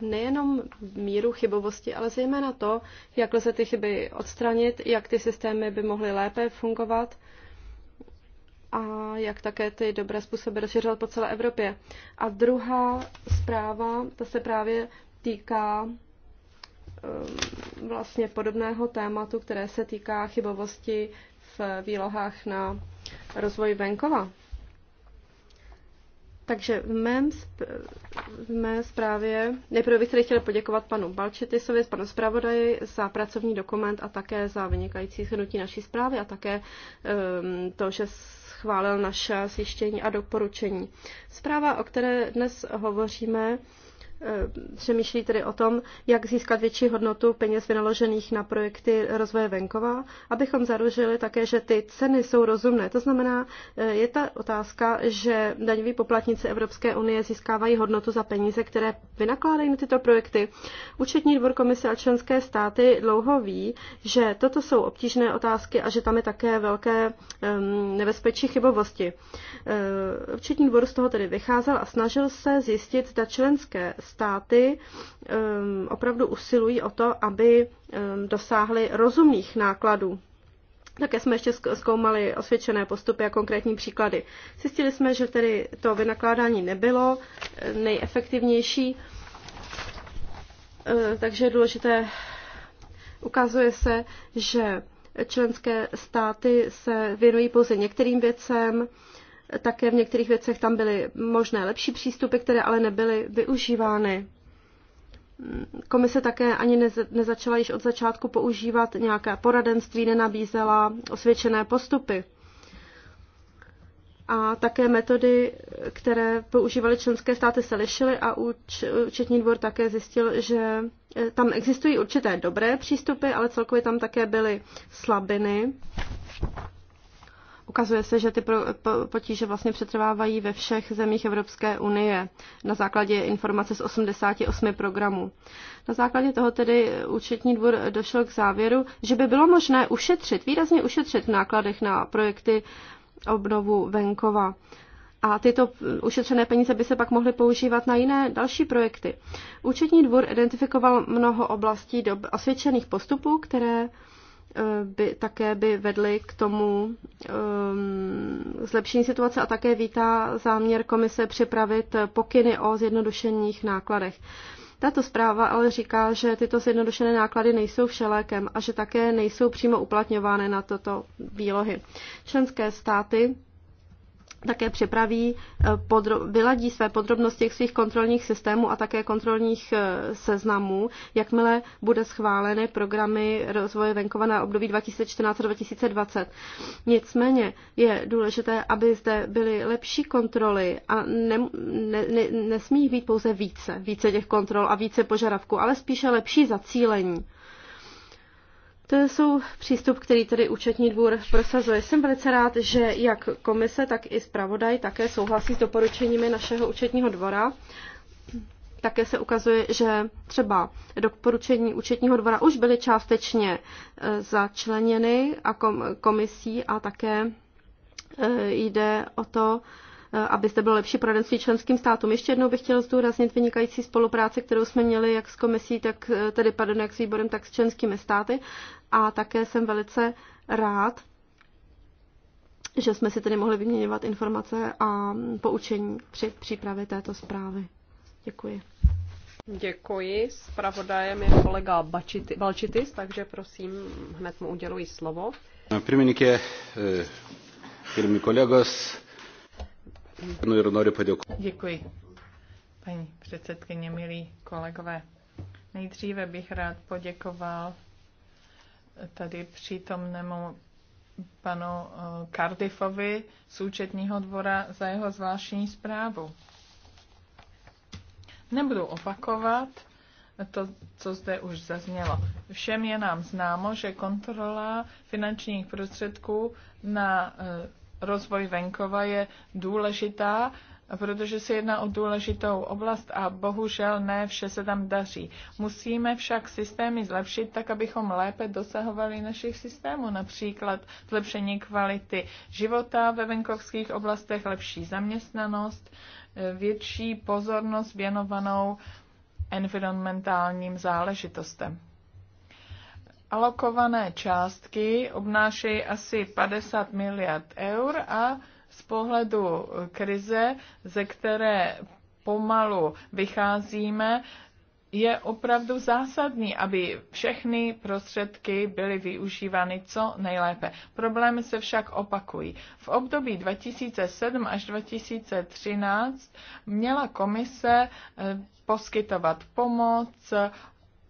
nejenom míru chybovosti, ale zejména to, jak lze ty chyby odstranit, jak ty systémy by mohly lépe fungovat a jak také ty dobré způsoby rozšiřovat po celé Evropě. A druhá zpráva, ta se právě týká um, vlastně podobného tématu, které se týká chybovosti v výlohách na rozvoj venkova. Takže v, mém, v mé zprávě nejprve bych tady chtěla poděkovat panu Balčetisovi, panu zpravodaji za pracovní dokument a také za vynikající shrnutí naší zprávy a také um, to, že schválil naše zjištění a doporučení. Zpráva, o které dnes hovoříme, Eh, přemýšlí tedy o tom, jak získat větší hodnotu peněz vynaložených na projekty rozvoje venkova, abychom zaružili také, že ty ceny jsou rozumné. To znamená, eh, je ta otázka, že daňoví poplatníci Evropské unie získávají hodnotu za peníze, které vynakládají na tyto projekty. Účetní dvor komise a členské státy dlouho ví, že toto jsou obtížné otázky a že tam je také velké ehm, nebezpečí chybovosti. Eh, účetní dvor z toho tedy vycházel a snažil se zjistit, zda členské státy ehm, opravdu usilují o to, aby ehm, dosáhly rozumných nákladů. Také jsme ještě zkoumali osvědčené postupy a konkrétní příklady. Zjistili jsme, že tedy to vynakládání nebylo eh, nejefektivnější, eh, takže je důležité, ukazuje se, že členské státy se věnují pouze některým věcem, také v některých věcech tam byly možné lepší přístupy, které ale nebyly využívány. Komise také ani nezačala již od začátku používat nějaké poradenství, nenabízela osvědčené postupy. A také metody, které používaly členské státy, se lišily a úč, účetní dvor také zjistil, že eh, tam existují určité dobré přístupy, ale celkově tam také byly slabiny. Ukazuje se, že ty potíže vlastně přetrvávají ve všech zemích Evropské unie na základě informace z 88 programů. Na základě toho tedy účetní dvůr došel k závěru, že by bylo možné ušetřit, výrazně ušetřit v nákladech na projekty obnovu venkova. A tyto ušetřené peníze by se pak mohly používat na jiné další projekty. Účetní dvůr identifikoval mnoho oblastí do osvědčených postupů, které Eh, by také by vedly k tomu um, zlepšení situace a také vítá záměr komise připravit pokyny o zjednodušených nákladech. Tato zpráva ale říká, že tyto zjednodušené náklady nejsou všelékem a že také nejsou přímo uplatňovány na toto výlohy. Členské státy také připraví, eh, vyladí své podrobnosti k svých kontrolních systémů a také kontrolních eh, seznamů, jakmile bude schváleny programy rozvoje venkova na období 2014-2020. Nicméně je důležité, aby zde byly lepší kontroly a ne, ne, ne, nesmí být pouze více, více těch kontrol a více požadavků, ale spíše lepší zacílení. To jsou přístup, který tedy účetní dvůr prosazuje. Jsem velice rád, že jak komise, tak i zpravodaj také souhlasí s doporučeními našeho účetního dvora. Také se ukazuje, že třeba doporučení účetního dvora už byly částečně e, začleněny a komisí a také e, jde o to, Eh, aby zde bylo lepší poradenství členským státům. Ještě jednou bych chtěl zdůraznit vynikající spolupráci, kterou jsme měli jak s komisí, tak eh, tedy pardon, jak s výborem, tak s členskými státy. A také jsem velice rád, že jsme si tedy mohli vyměňovat informace a poučení při přípravě této zprávy. Děkuji. Děkuji. Spravodajem je kolega Bačity, Balčitis, takže prosím, hned mu uděluji slovo. Pirmininkė, eh, pirmi kolegos, Děkuji. Paní předsedkyně, milí kolegové, nejdříve bych rád poděkoval tady přítomnému panu eh, Cardiffovi z účetního dvora za jeho zvláštní zprávu. Nebudu opakovat to, co zde už zaznělo. Všem je nám známo, že kontrola finančních prostředků na eh, rozvoj venkova je důležitá, protože se jedná o důležitou oblast a bohužel ne vše se tam daří. Musíme však systémy zlepšit tak, abychom lépe dosahovali našich systémů, například zlepšení kvality života ve venkovských oblastech, lepší zaměstnanost, větší pozornost věnovanou environmentálním záležitostem alokované částky obnášejí asi 50 miliard eur a z pohledu krize, ze které pomalu vycházíme, je opravdu zásadní, aby všechny prostředky byly využívány co nejlépe. Problémy se však opakují. V období 2007 až 2013 měla komise eh, poskytovat pomoc,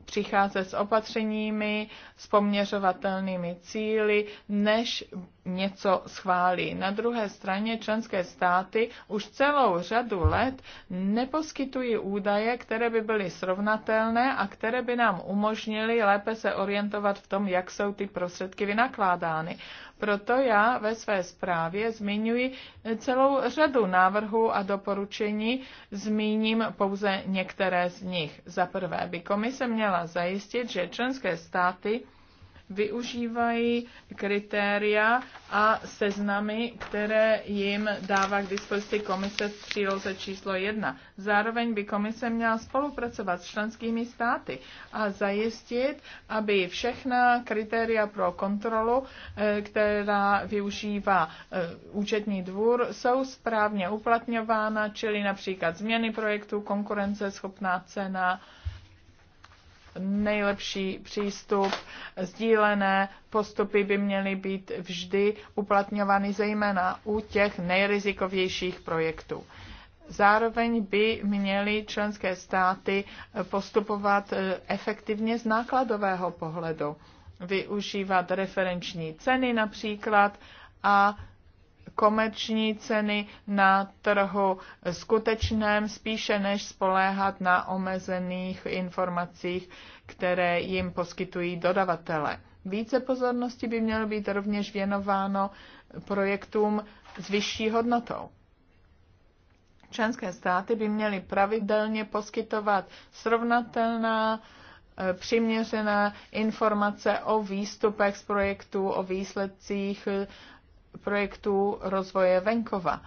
přicházet s opatřeními, s poměřovatelnými cíly, než něco schválí. Na druhé straně členské státy už celou řadu let neposkytují údaje, které by byly srovnatelné a které by nám umožnily lépe se orientovat v tom, jak jsou ty prostředky vynakládány. Proto já ve své zprávě zmiňuji celou řadu návrhů a doporučení, zmíním pouze některé z nich. Za prvé by komise měla zajistit, že členské státy využívají kritéria a seznamy, které jim dává k dispozici komise v příloze číslo 1. Zároveň by komise měla spolupracovat s členskými státy a zajistit, aby všechna kritéria pro kontrolu, eh, která využívá eh, účetní dvůr, jsou správně uplatňována, čili například změny projektu, konkurenceschopná cena, nejlepší přístup. Sdílené postupy by měly být vždy uplatňovány zejména u těch nejrizikovějších projektů. Zároveň by měly členské státy postupovat eh, efektivně z nákladového pohledu, využívat referenční ceny například a komerční ceny na trhu skutečném, spíše než spoléhat na omezených informacích, které jim poskytují dodavatele. Více pozornosti by mělo být rovněž věnováno projektům s vyšší hodnotou. Členské státy by měly pravidelně poskytovat srovnatelná eh, přiměřená informace o výstupech z projektů, o výsledcích projektu rozvoje venkova.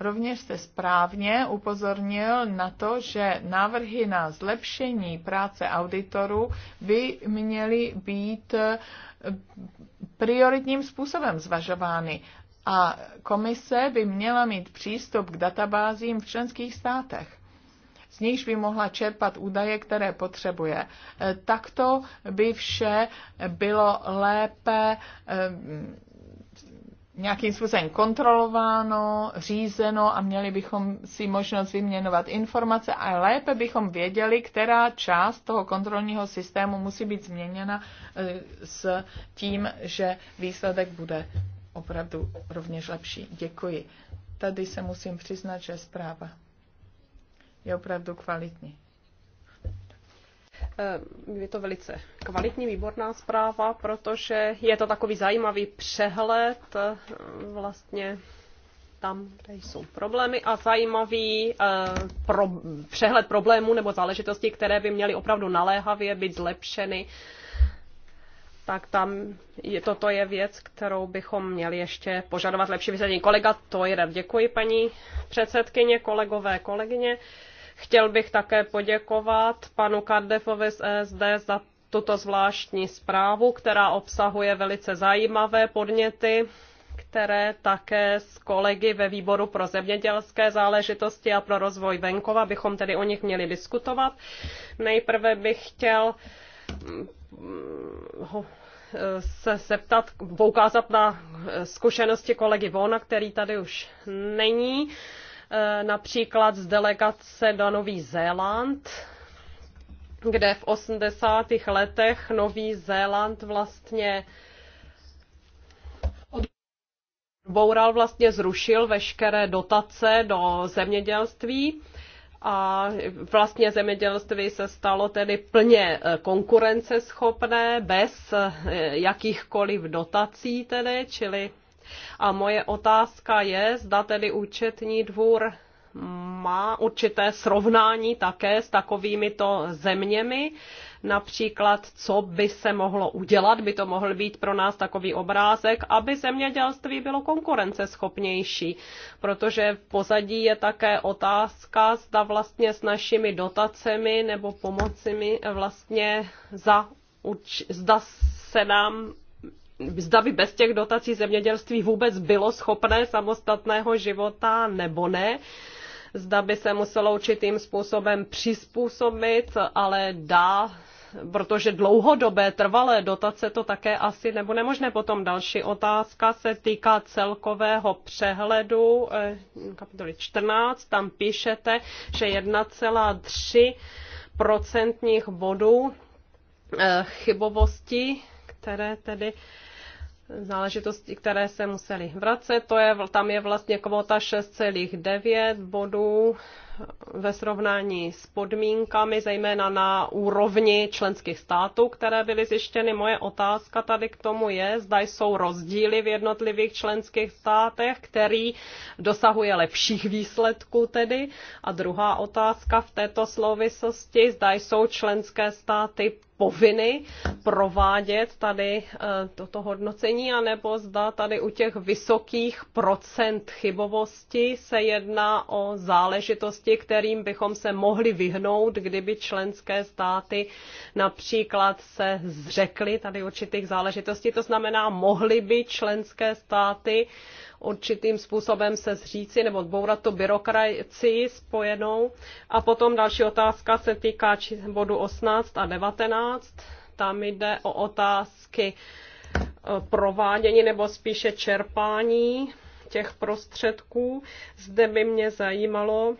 Rovněž jste správně upozornil na to, že návrhy na zlepšení práce auditorů by měly být eh, prioritním způsobem zvažovány a komise by měla mít přístup k databázím v členských státech z nichž by mohla čerpat údaje, které potřebuje. Eh, Takto by vše bylo lépe eh, nějakým způsobem kontrolováno, řízeno a měli bychom si možnost vyměnovat informace a lépe bychom věděli, která část toho kontrolního systému musí být změněna e, s tím, že výsledek bude opravdu rovněž lepší. Děkuji. Tady se musím přiznat, že zpráva je opravdu kvalitní. Eh, je to velice kvalitní, výborná zpráva, protože je to takový zajímavý přehled eh, vlastně tam, kde jsou problémy a zajímavý eh, pro, přehled problémů nebo záležitostí, které by měly opravdu naléhavě být zlepšeny, tak tam je, toto je věc, kterou bychom měli ještě požadovat lepší vysvětlení. Kolega rád. děkuji paní předsedkyně, kolegové, kolegyně. Uh, Chtěl bych také poděkovat panu Kardefovi z ESD za tuto zvláštní zprávu, která obsahuje velice zajímavé podněty, které také s kolegy ve výboru pro zemědělské záležitosti a pro rozvoj venkova bychom tedy o nich měli diskutovat. Nejprve bych chtěl mm, se zeptat, poukázat na zkušenosti kolegy Vona, který tady už není. Eh, například z delegace do Nový Zéland, kde v 80. letech Nový Zéland vlastně Boural vlastně zrušil veškeré dotace do zemědělství a vlastně zemědělství se stalo tedy plně eh, konkurenceschopné bez eh, jakýchkoliv dotací tedy, čili a moje otázka je, zda tedy účetní dvůr má určité srovnání také s takovými to zeměmi, například co by se mohlo udělat, by to mohl být pro nás takový obrázek, aby zemědělství bylo konkurenceschopnější, protože v pozadí je také otázka, zda vlastně s našimi dotacemi nebo pomocemi vlastně za zda se nám zda by bez těch dotací zemědělství vůbec bylo schopné samostatného života nebo ne zda by se muselo určitým způsobem přizpůsobit, ale dá, protože dlouhodobé, trvalé dotace to také asi nebo nemožné. Potom další otázka se týká celkového přehledu eh, kapitoly 14. Tam píšete, že 1,3 procentních bodů eh, chybovosti, které tedy záležitosti, které se museli vracet. To je, tam je vlastně kvota 6,9 bodů ve srovnání s podmínkami, zejména na úrovni členských států, které byly zjištěny. Moje otázka tady k tomu je, zda jsou rozdíly v jednotlivých členských státech, který dosahuje lepších výsledků tedy. A druhá otázka v této slovisosti, zda jsou členské státy povinny provádět tady eh, toto hodnocení, anebo zda tady u těch vysokých procent chybovosti se jedná o záležitosti, možnosti, kterým bychom se mohli vyhnout, kdyby členské státy například se zřekly tady určitých záležitostí. To znamená, mohly by členské státy určitým způsobem se zříci nebo odbourat tu byrokracii spojenou. A potom další otázka se týká bodu 18 a 19. Tam jde o otázky e, provádění nebo spíše čerpání těch prostředků. Zde by mě zajímalo,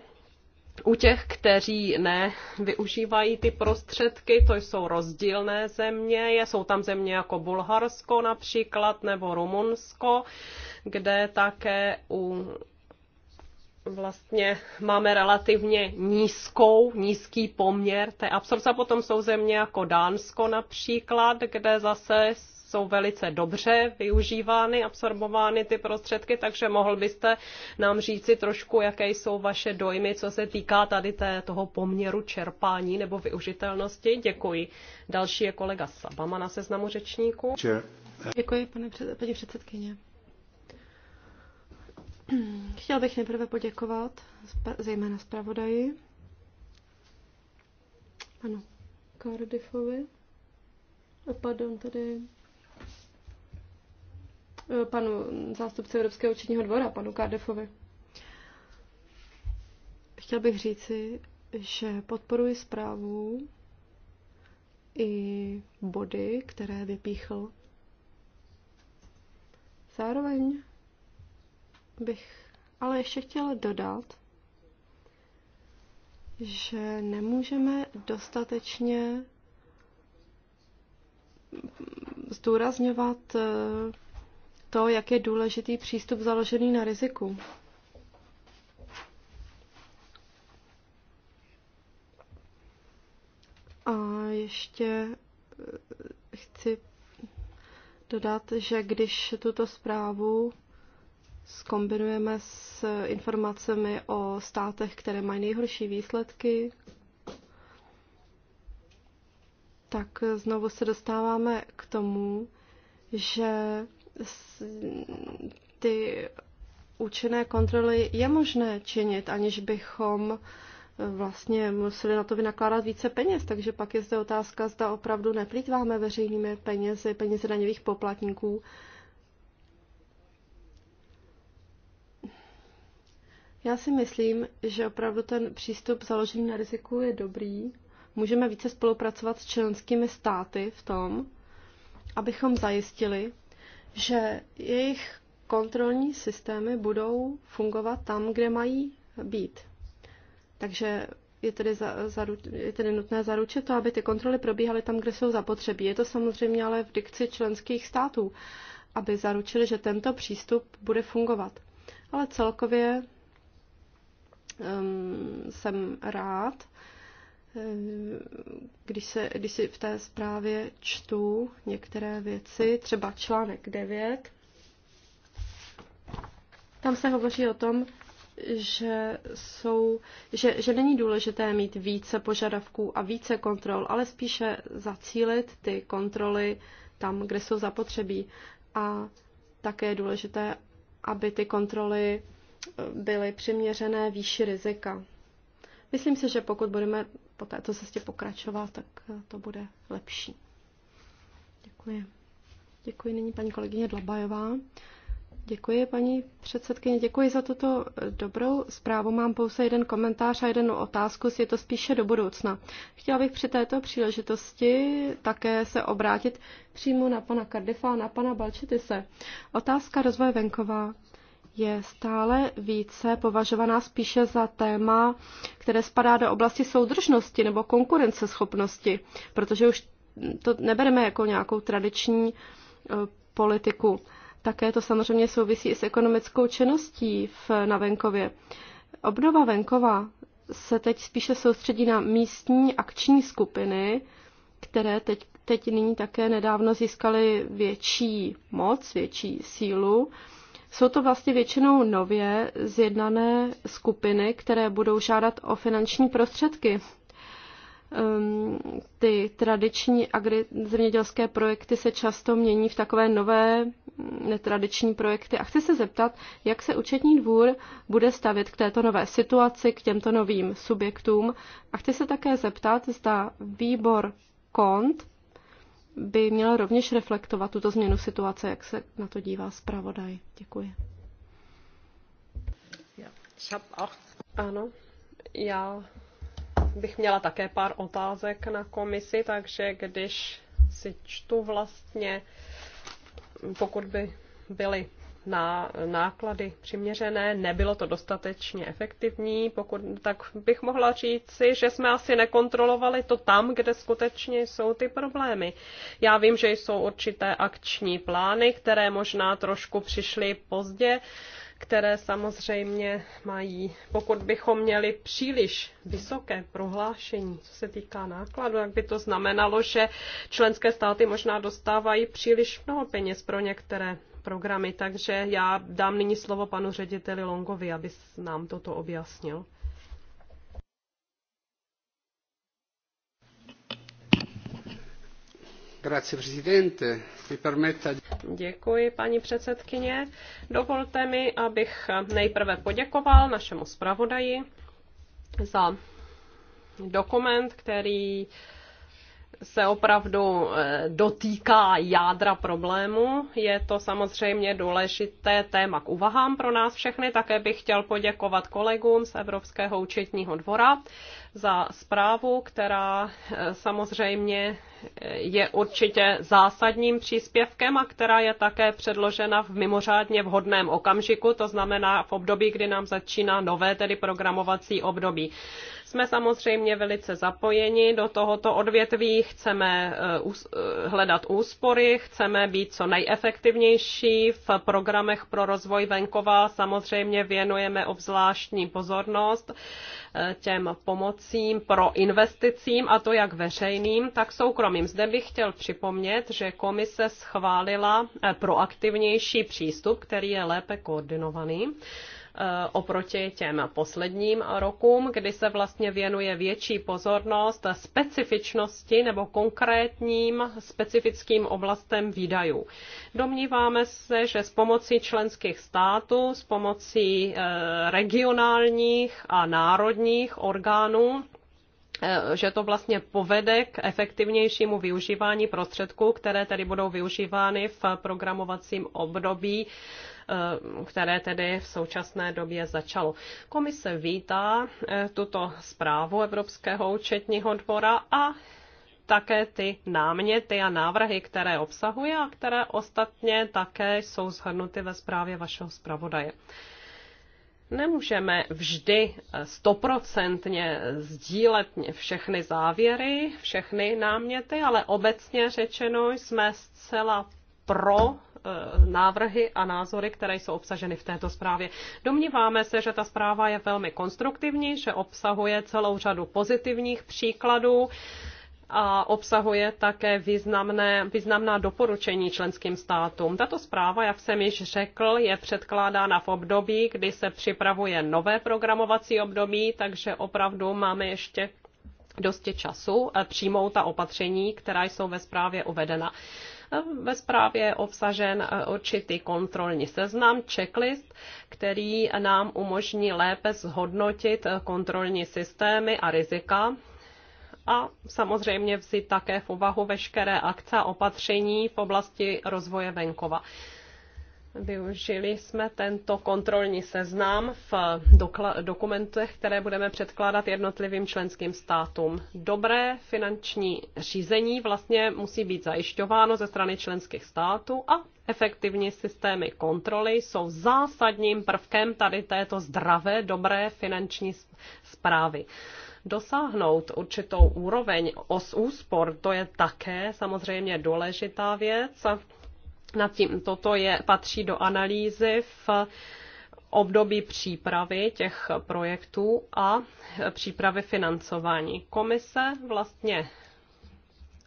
u těch, kteří ne využívají ty prostředky, to jsou rozdílné země, jsou tam země jako Bulharsko například nebo Rumunsko, kde také u vlastně máme relativně nízkou, nízký poměr té absorce. Potom jsou země jako Dánsko například, kde zase jsou velice dobře využívány, absorbovány ty prostředky, takže mohl byste nám říci trošku, jaké jsou vaše dojmy, co se týká tady té, toho poměru čerpání nebo využitelnosti. Děkuji. Další je kolega Sabama na seznamu řečníků. Děkuji, pane, paní předsedkyně. Chtěl bych nejprve poděkovat zejména zpravodaji, Ano, Cardiffovi, a pardon, tady Eh, panu zástupci Evropského učitního dvora, panu Kardefovi. Chtěl bych říci, že podporuji zprávu i body, které vypíchl. Zároveň bych ale ještě chtěla dodat, že nemůžeme dostatečně zdůrazňovat eh, to, jak je důležitý přístup založený na riziku. A ještě eh, chci dodat, že když tuto zprávu skombinujeme s informacemi o státech, které mají nejhorší výsledky, tak znovu se dostáváme k tomu, že ty účinné kontroly je možné činit, aniž bychom eh, vlastně museli na to vynakládat více peněz, takže pak je zde otázka, zda opravdu neplýtváme veřejnými penězi, penězi daňových poplatníků. Já si myslím, že opravdu ten přístup založený na riziku je dobrý. Můžeme více spolupracovat s členskými státy v tom, abychom zajistili, že jejich kontrolní systémy budou fungovat tam, kde mají být. Takže je tedy, za, za, je tedy nutné zaručit to, aby ty kontroly probíhaly tam, kde jsou zapotřebí. Je to samozřejmě ale v dikci členských států, aby zaručili, že tento přístup bude fungovat. Ale celkově um, jsem rád, Eh, když, se, když si v té zprávě čtu některé věci, třeba článek 9, tam se hovoří o tom, že, jsou, že, že není důležité mít více požadavků a více kontrol, ale spíše zacílit ty kontroly tam, kde jsou zapotřebí. A také je důležité, aby ty kontroly eh, byly přiměřené výši rizika. Myslím si, že pokud budeme po této cestě pokračovat, tak eh, to bude lepší. Děkuji. Děkuji nyní paní kolegyně Dlabajová. Děkuji, paní předsedkyně, děkuji za tuto eh, dobrou zprávu. Mám pouze jeden komentář a jednu otázku, je to spíše do budoucna. Chtěla bych při této příležitosti také se obrátit přímo na pana Cardiffa a na pana Balčitise. Otázka rozvoje venkova je stále více považovaná spíše za téma, které spadá do oblasti soudržnosti nebo konkurenceschopnosti, protože už to nebereme jako nějakou tradiční e, politiku. Také to samozřejmě souvisí i s ekonomickou činností v, na venkově. Obnova venkova se teď spíše soustředí na místní akční skupiny, které teď, teď nyní také nedávno získaly větší moc, větší sílu. Jsou to vlastně většinou nově zjednané skupiny, které budou žádat o finanční prostředky. Ehm, ty tradiční agri- zemědělské projekty se často mění v takové nové mm, netradiční projekty. A chci se zeptat, jak se účetní dvůr bude stavět k této nové situaci, k těmto novým subjektům. A chci se také zeptat, zda výbor KONT by měla rovněž reflektovat tuto změnu situace, jak se na to dívá zpravodaj. Děkuji. Ano, já bych měla také pár otázek na komisi, takže když si čtu vlastně, pokud by byly na náklady přiměřené, nebylo to dostatečně efektivní, pokud, tak bych mohla si, že jsme asi nekontrolovali to tam, kde skutečně jsou ty problémy. Já vím, že jsou určité akční plány, které možná trošku přišly pozdě, které samozřejmě mají, pokud bychom měli příliš vysoké prohlášení, co se týká nákladu, jak by to znamenalo, že členské státy možná dostávají příliš mnoho peněz pro některé programy. Takže já dám nyní slovo panu řediteli Longovi, aby nám toto objasnil. Děkuji, paní předsedkyně. Dovolte mi, abych nejprve poděkoval našemu zpravodaji za dokument, který se opravdu eh, dotýká jádra problému. Je to samozřejmě důležité téma k uvahám pro nás všechny. Také bych chtěl poděkovat kolegům z Evropského účetního dvora za zprávu, která eh, samozřejmě eh, je určitě zásadním příspěvkem a která je také předložena v mimořádně vhodném okamžiku, to znamená v období, kdy nám začíná nové, tedy programovací období. Jsme samozřejmě velice zapojeni do tohoto odvětví, chceme eh, eh, hledat úspory, chceme být co nejefektivnější v programech pro rozvoj venkova. Samozřejmě věnujeme obzvláštní pozornost eh, těm pomocím pro investicím, a to jak veřejným, tak soukromým. Zde bych chtěl připomnět, že komise schválila proaktivnější přístup, který je lépe koordinovaný. Eh, oproti těm posledním rokům, kdy se vlastně věnuje větší pozornost specifičnosti nebo konkrétním specifickým oblastem výdajů. Domníváme se, že s pomocí členských států, s pomocí eh, regionálních a národních orgánů eh, že to vlastně povede k efektivnějšímu využívání prostředků, které tedy budou využívány v programovacím období Eh, které tedy v současné době začalo. Komise vítá eh, tuto zprávu Evropského účetního dvora a také ty náměty a návrhy, které obsahuje a které ostatně také jsou zhrnuty ve zprávě vašeho zpravodaje nemůžeme vždy eh, stoprocentně sdílet všechny závěry, všechny náměty, ale obecně řečeno jsme zcela pro Eh, návrhy a názory, které jsou obsaženy v této zprávě. Domníváme se, že ta zpráva je velmi konstruktivní, že obsahuje celou řadu pozitivních příkladů a obsahuje také významné, významná doporučení členským státům. Tato zpráva, jak jsem již řekl, je předkládána v období, kdy se připravuje nové programovací období, takže opravdu máme ještě dosti času eh, přijmout ta opatření, která jsou ve zprávě uvedena. Ve zprávě je obsažen eh, určitý kontrolní seznam, checklist, který nám umožní lépe zhodnotit eh, kontrolní systémy a rizika a samozřejmě vzít také v úvahu veškeré akce a opatření v oblasti rozvoje venkova. Využili jsme tento kontrolní seznam v dokumentech, které budeme předkládat jednotlivým členským státům. Dobré finanční řízení vlastně musí být zajišťováno ze strany členských států a efektivní systémy kontroly jsou zásadním prvkem tady této zdravé, dobré finanční zprávy dosáhnout určitou úroveň os úspor, to je také samozřejmě důležitá věc nad tím. Toto je, patří do analýzy v období přípravy těch projektů a přípravy financování. Komise vlastně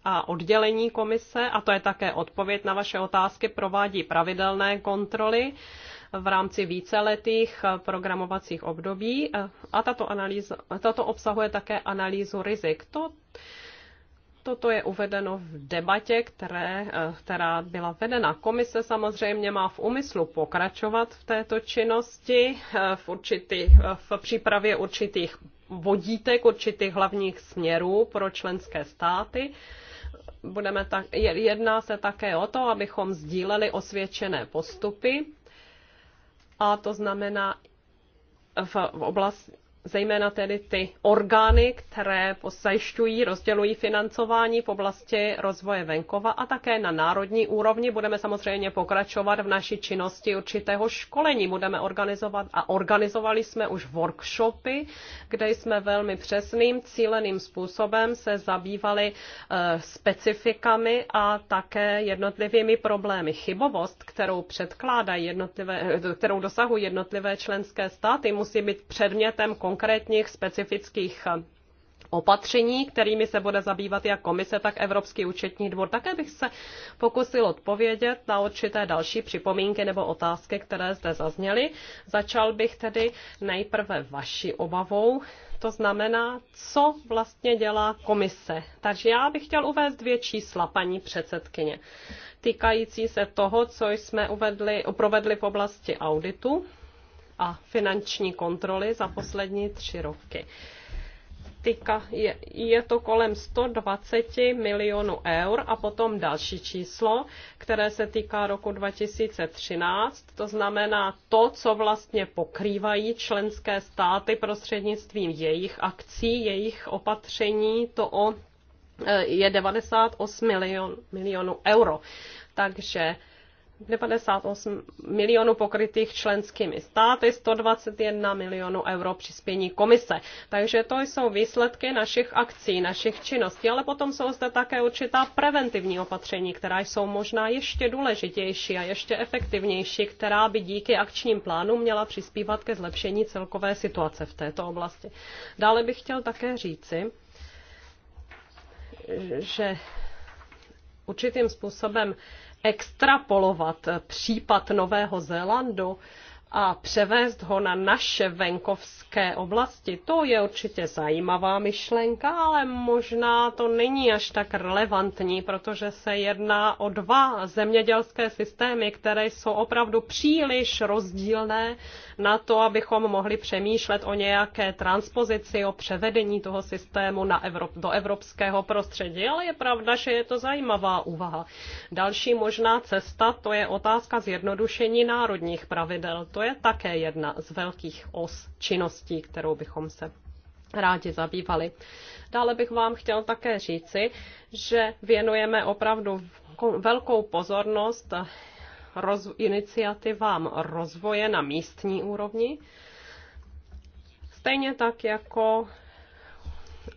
a oddělení komise, a to je také odpověď na vaše otázky, provádí pravidelné kontroly v rámci víceletých programovacích období a tato, analýza, tato obsahuje také analýzu rizik. To Toto je uvedeno v debatě, které, eh, která byla vedena. Komise samozřejmě má v úmyslu pokračovat v této činnosti eh, v, určitý, eh, v přípravě určitých vodítek, určitých hlavních směrů pro členské státy. Budeme tak, jedná se také o to, abychom sdíleli osvědčené postupy, a to znamená v, v oblasti zejména tedy ty orgány, které zajišťují, rozdělují financování v oblasti rozvoje venkova a také na národní úrovni. Budeme samozřejmě pokračovat v naší činnosti určitého školení. Budeme organizovat a organizovali jsme už workshopy, kde jsme velmi přesným, cíleným způsobem se zabývali eh, specifikami a také jednotlivými problémy. Chybovost, kterou předkládají jednotlivé, eh, kterou dosahují jednotlivé členské státy, musí být předmětem konkrétních specifických eh, opatření, kterými se bude zabývat jak komise, tak Evropský účetní dvor. Také bych se pokusil odpovědět na určité další připomínky nebo otázky, které zde zazněly. Začal bych tedy nejprve vaší obavou, to znamená, co vlastně dělá komise. Takže já bych chtěl uvést dvě čísla, paní předsedkyně, týkající se toho, co jsme uvedli, provedli v oblasti auditu a finanční kontroly za poslední tři roky. Týka je, je to kolem 120 milionů eur a potom další číslo, které se týká roku 2013, to znamená to, co vlastně pokrývají členské státy prostřednictvím jejich akcí, jejich opatření, to o, e, je 98 milion, milionů euro. Takže 58 milionů pokrytých členskými státy, 121 milionů euro přispění komise. Takže to jsou výsledky našich akcí, našich činností, ale potom jsou zde také určitá preventivní opatření, která jsou možná ještě důležitější a ještě efektivnější, která by díky akčním plánům měla přispívat ke zlepšení celkové situace v této oblasti. Dále bych chtěl také říci, že určitým způsobem extrapolovat případ Nového Zélandu, a převést ho na naše venkovské oblasti, to je určitě zajímavá myšlenka, ale možná to není až tak relevantní, protože se jedná o dva zemědělské systémy, které jsou opravdu příliš rozdílné na to, abychom mohli přemýšlet o nějaké transpozici, o převedení toho systému na Evrop, do evropského prostředí. Ale je pravda, že je to zajímavá úvaha. Další možná cesta to je otázka zjednodušení národních pravidel. To to je také jedna z velkých os činností, kterou bychom se rádi zabývali. Dále bych vám chtěl také říci, že věnujeme opravdu velkou pozornost roz, iniciativám rozvoje na místní úrovni, stejně tak jako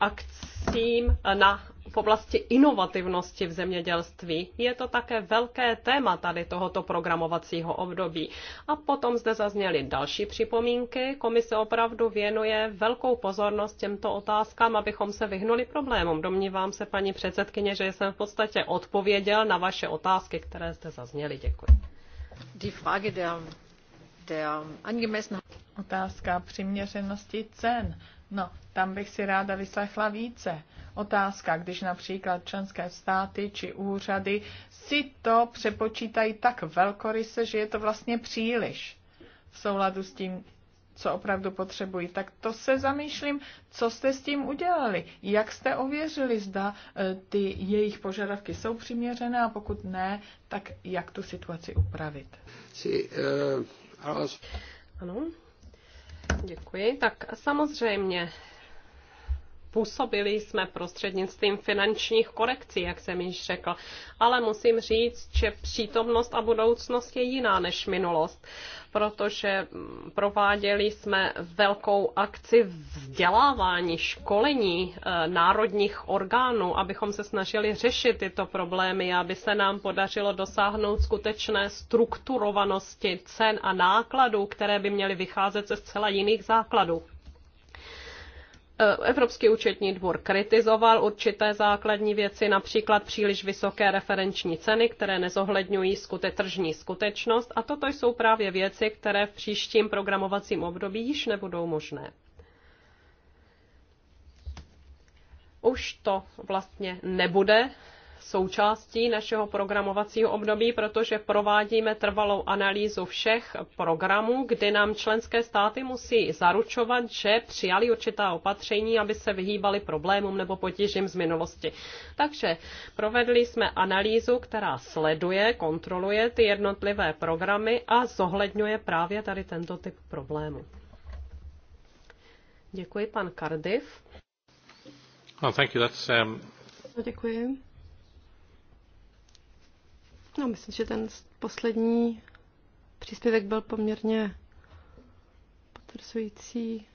akcím na v oblasti inovativnosti v zemědělství. Je to také velké téma tady tohoto programovacího období. A potom zde zazněly další připomínky. Komise opravdu věnuje velkou pozornost těmto otázkám, abychom se vyhnuli problémům. Domnívám se, paní předsedkyně, že jsem v podstatě odpověděl na vaše otázky, které zde zazněly. Děkuji. Die Frage der, der Otázka přiměřenosti cen No, tam bych si ráda vyslechla více. Otázka, když například členské státy či úřady si to přepočítají tak velkoryse, že je to vlastně příliš v souladu s tím, co opravdu potřebují. Tak to se zamýšlím, co jste s tím udělali, jak jste ověřili, zda e, ty jejich požadavky jsou přiměřené a pokud ne, tak jak tu situaci upravit. Si, uh, eh, ano. Děkuji. Tak samozřejmě Působili jsme prostřednictvím finančních korekcí, jak jsem již řekl, ale musím říct, že přítomnost a budoucnost je jiná než minulost, protože prováděli jsme velkou akci vzdělávání, školení eh, národních orgánů, abychom se snažili řešit tyto problémy, aby se nám podařilo dosáhnout skutečné strukturovanosti cen a nákladů, které by měly vycházet ze zcela jiných základů. Eh, Evropský účetní dvůr kritizoval určité základní věci, například příliš vysoké referenční ceny, které nezohledňují skute, tržní skutečnost a toto jsou právě věci, které v příštím programovacím období již nebudou možné. Už to vlastně nebude součástí našeho programovacího období, protože provádíme trvalou analýzu všech programů, kdy nám členské státy musí zaručovat, že přijali určitá opatření, aby se vyhýbali problémům nebo potížím z minulosti. Takže provedli jsme analýzu, která sleduje, kontroluje ty jednotlivé programy a zohledňuje právě tady tento typ problému. Děkuji, pan Cardiff. Oh, thank you. That's, um... No, děkuji. No, myslím, že ten poslední příspěvek byl poměrně potvrzující.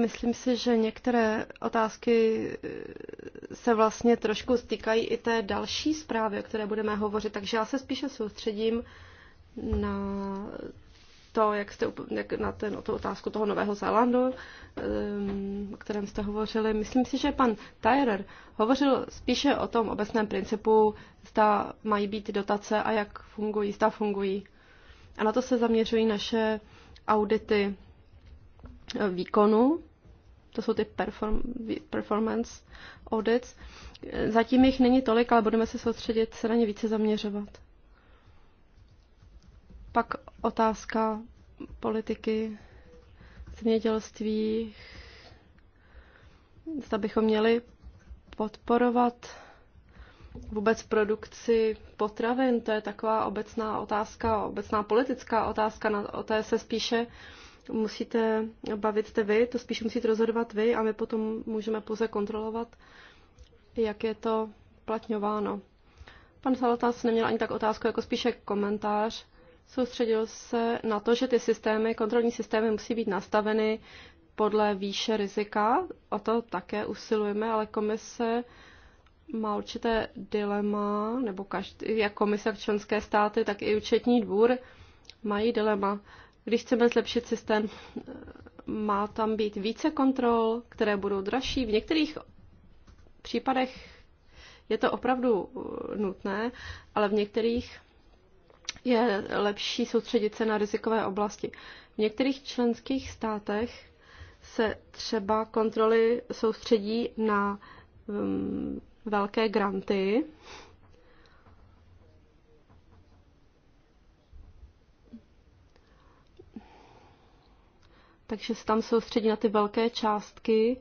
Myslím si, že některé otázky eh, se vlastně trošku stýkají i té další zprávy, o které budeme hovořit, takže já se spíše soustředím na to, jak jste jak na, ten, na tu otázku toho Nového Zélandu, ehm, o kterém jste hovořili. Myslím si, že pan Tyrer hovořil spíše o tom obecném principu, zda mají být dotace a jak fungují, zda fungují. A na to se zaměřují naše audity e, výkonu, to jsou ty perform, performance audits. E, zatím jich není tolik, ale budeme se soustředit se na ně více zaměřovat. Pak otázka politiky zemědělství. Zda bychom měli podporovat vůbec produkci potravin, to je taková obecná otázka, obecná politická otázka, na, o té se spíše musíte bavit jste vy, to spíš musíte rozhodovat vy a my potom můžeme pouze kontrolovat, jak je to platňováno. Pan Salotas neměl ani tak otázku, jako spíše komentář. Soustředil se na to, že ty systémy, kontrolní systémy musí být nastaveny podle výše rizika. O to také usilujeme, ale komise má určité dilema, nebo každý, jak komise v členské státy, tak i účetní dvůr mají dilema. Když chceme zlepšit systém, má tam být více kontrol, které budou dražší. V některých případech je to opravdu uh, nutné, ale v některých je lepší soustředit se na rizikové oblasti. V některých členských státech se třeba kontroly soustředí na um, velké granty. Takže se tam soustředí na ty velké částky.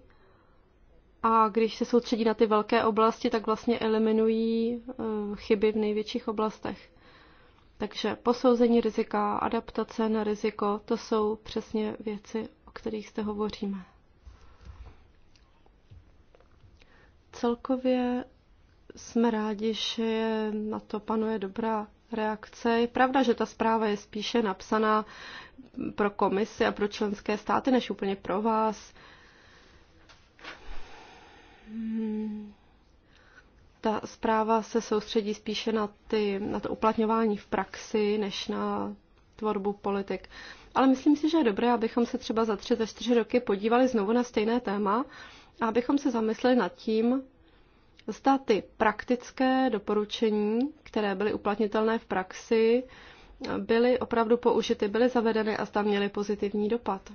A když se soustředí na ty velké oblasti, tak vlastně eliminují uh, chyby v největších oblastech. Takže posouzení rizika, adaptace na riziko, to jsou přesně věci, o kterých zde hovoříme. Celkově jsme rádi, že na to panuje dobrá reakce. Je pravda, že ta zpráva je spíše napsaná pro komisi a pro členské státy, než úplně pro vás. Hmm ta zpráva se soustředí spíše na, ty, na to uplatňování v praxi, než na tvorbu politik. Ale myslím si, že je dobré, abychom se třeba za tři, za čtyři roky podívali znovu na stejné téma a abychom se zamysleli nad tím, zda ty praktické doporučení, které byly uplatnitelné v praxi, byly opravdu použity, byly zavedeny a zda měly pozitivní dopad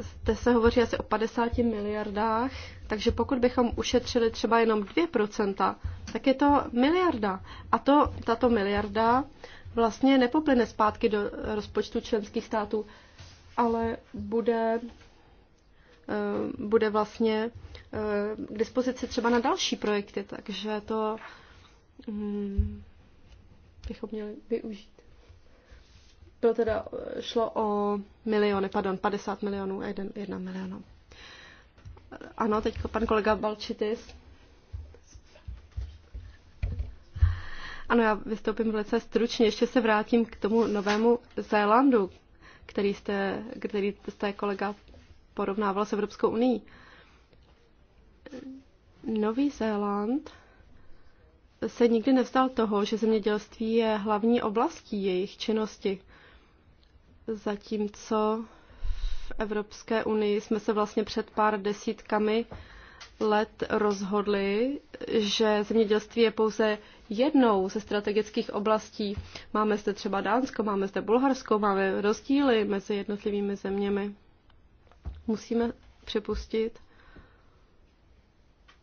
jste se hovoří asi o 50 miliardách, takže pokud bychom ušetřili třeba jenom 2%, tak je to miliarda. A to, tato miliarda vlastně nepoplyne zpátky do rozpočtu členských států, ale bude, eh, bude vlastně eh, k dispozici třeba na další projekty, takže to hm, bychom měli využít. Bylo teda, eh, šlo o miliony, pardon, 50 milionů a 1 milionu. Ano, teď pan kolega Balčitis. Ano, já vystoupím velice stručně. Ještě se vrátím k tomu Novému Zélandu, který jste, který jste kolega porovnával s Evropskou unii. Nový Zéland se nikdy nevzdal toho, že zemědělství je hlavní oblastí jejich činnosti zatímco v Evropské unii jsme se vlastně před pár desítkami let rozhodli, že zemědělství je pouze jednou ze strategických oblastí. Máme zde třeba Dánsko, máme zde Bulharsko, máme rozdíly mezi jednotlivými zeměmi. Musíme připustit,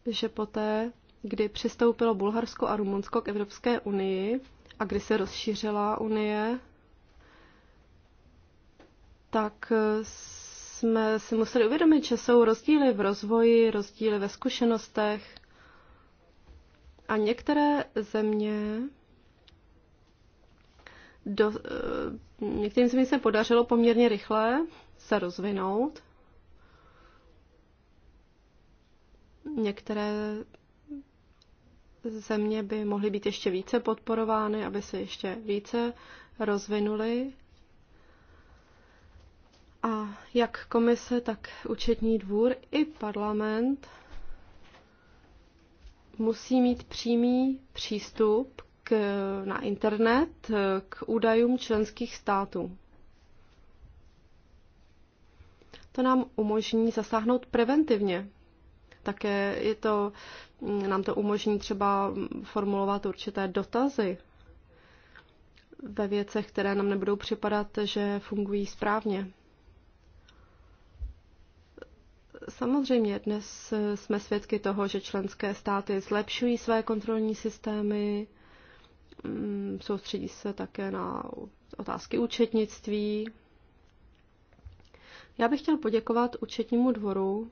že poté, kdy přistoupilo Bulharsko a Rumunsko k Evropské unii a kdy se rozšířila unie, tak eh, jsme si museli uvědomit, že jsou rozdíly v rozvoji, rozdíly ve zkušenostech. A některé země do, eh, některým zemím se podařilo poměrně rychle se rozvinout. Některé země by mohly být ještě více podporovány, aby se ještě více rozvinuly. A jak komise, tak účetní dvůr i parlament musí mít přímý přístup k, na internet k údajům členských států. To nám umožní zasáhnout preventivně. Také je to, nám to umožní třeba formulovat určité dotazy ve věcech, které nám nebudou připadat, že fungují správně. Samozřejmě dnes eh, jsme svědky toho, že členské státy zlepšují své kontrolní systémy, mm, soustředí se také na otázky účetnictví. Já bych chtěl poděkovat účetnímu dvoru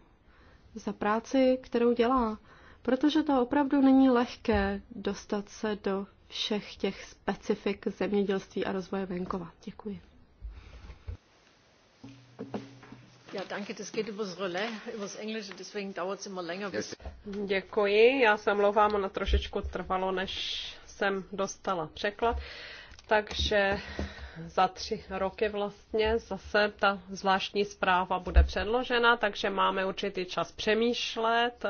za práci, kterou dělá, protože to opravdu není lehké dostat se do všech těch specifik zemědělství a rozvoje venkova. Děkuji. Děkuji, já se mluvám, ono trošičku trvalo, než jsem dostala překlad. Takže za tři roky vlastně zase ta zvláštní zpráva bude předložena, takže máme určitý čas přemýšlet,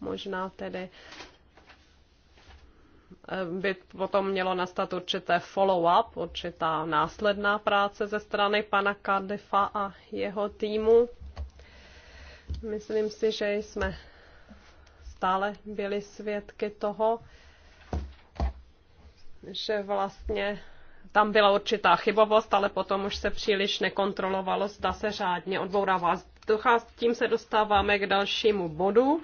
možná tedy by potom mělo nastat určité follow-up, určitá následná práce ze strany pana Kadefa a jeho týmu. Myslím si, že jsme stále byli svědky toho, že vlastně tam byla určitá chybovost, ale potom už se příliš nekontrolovalo, zda se řádně odbourává. Tím se dostáváme k dalšímu bodu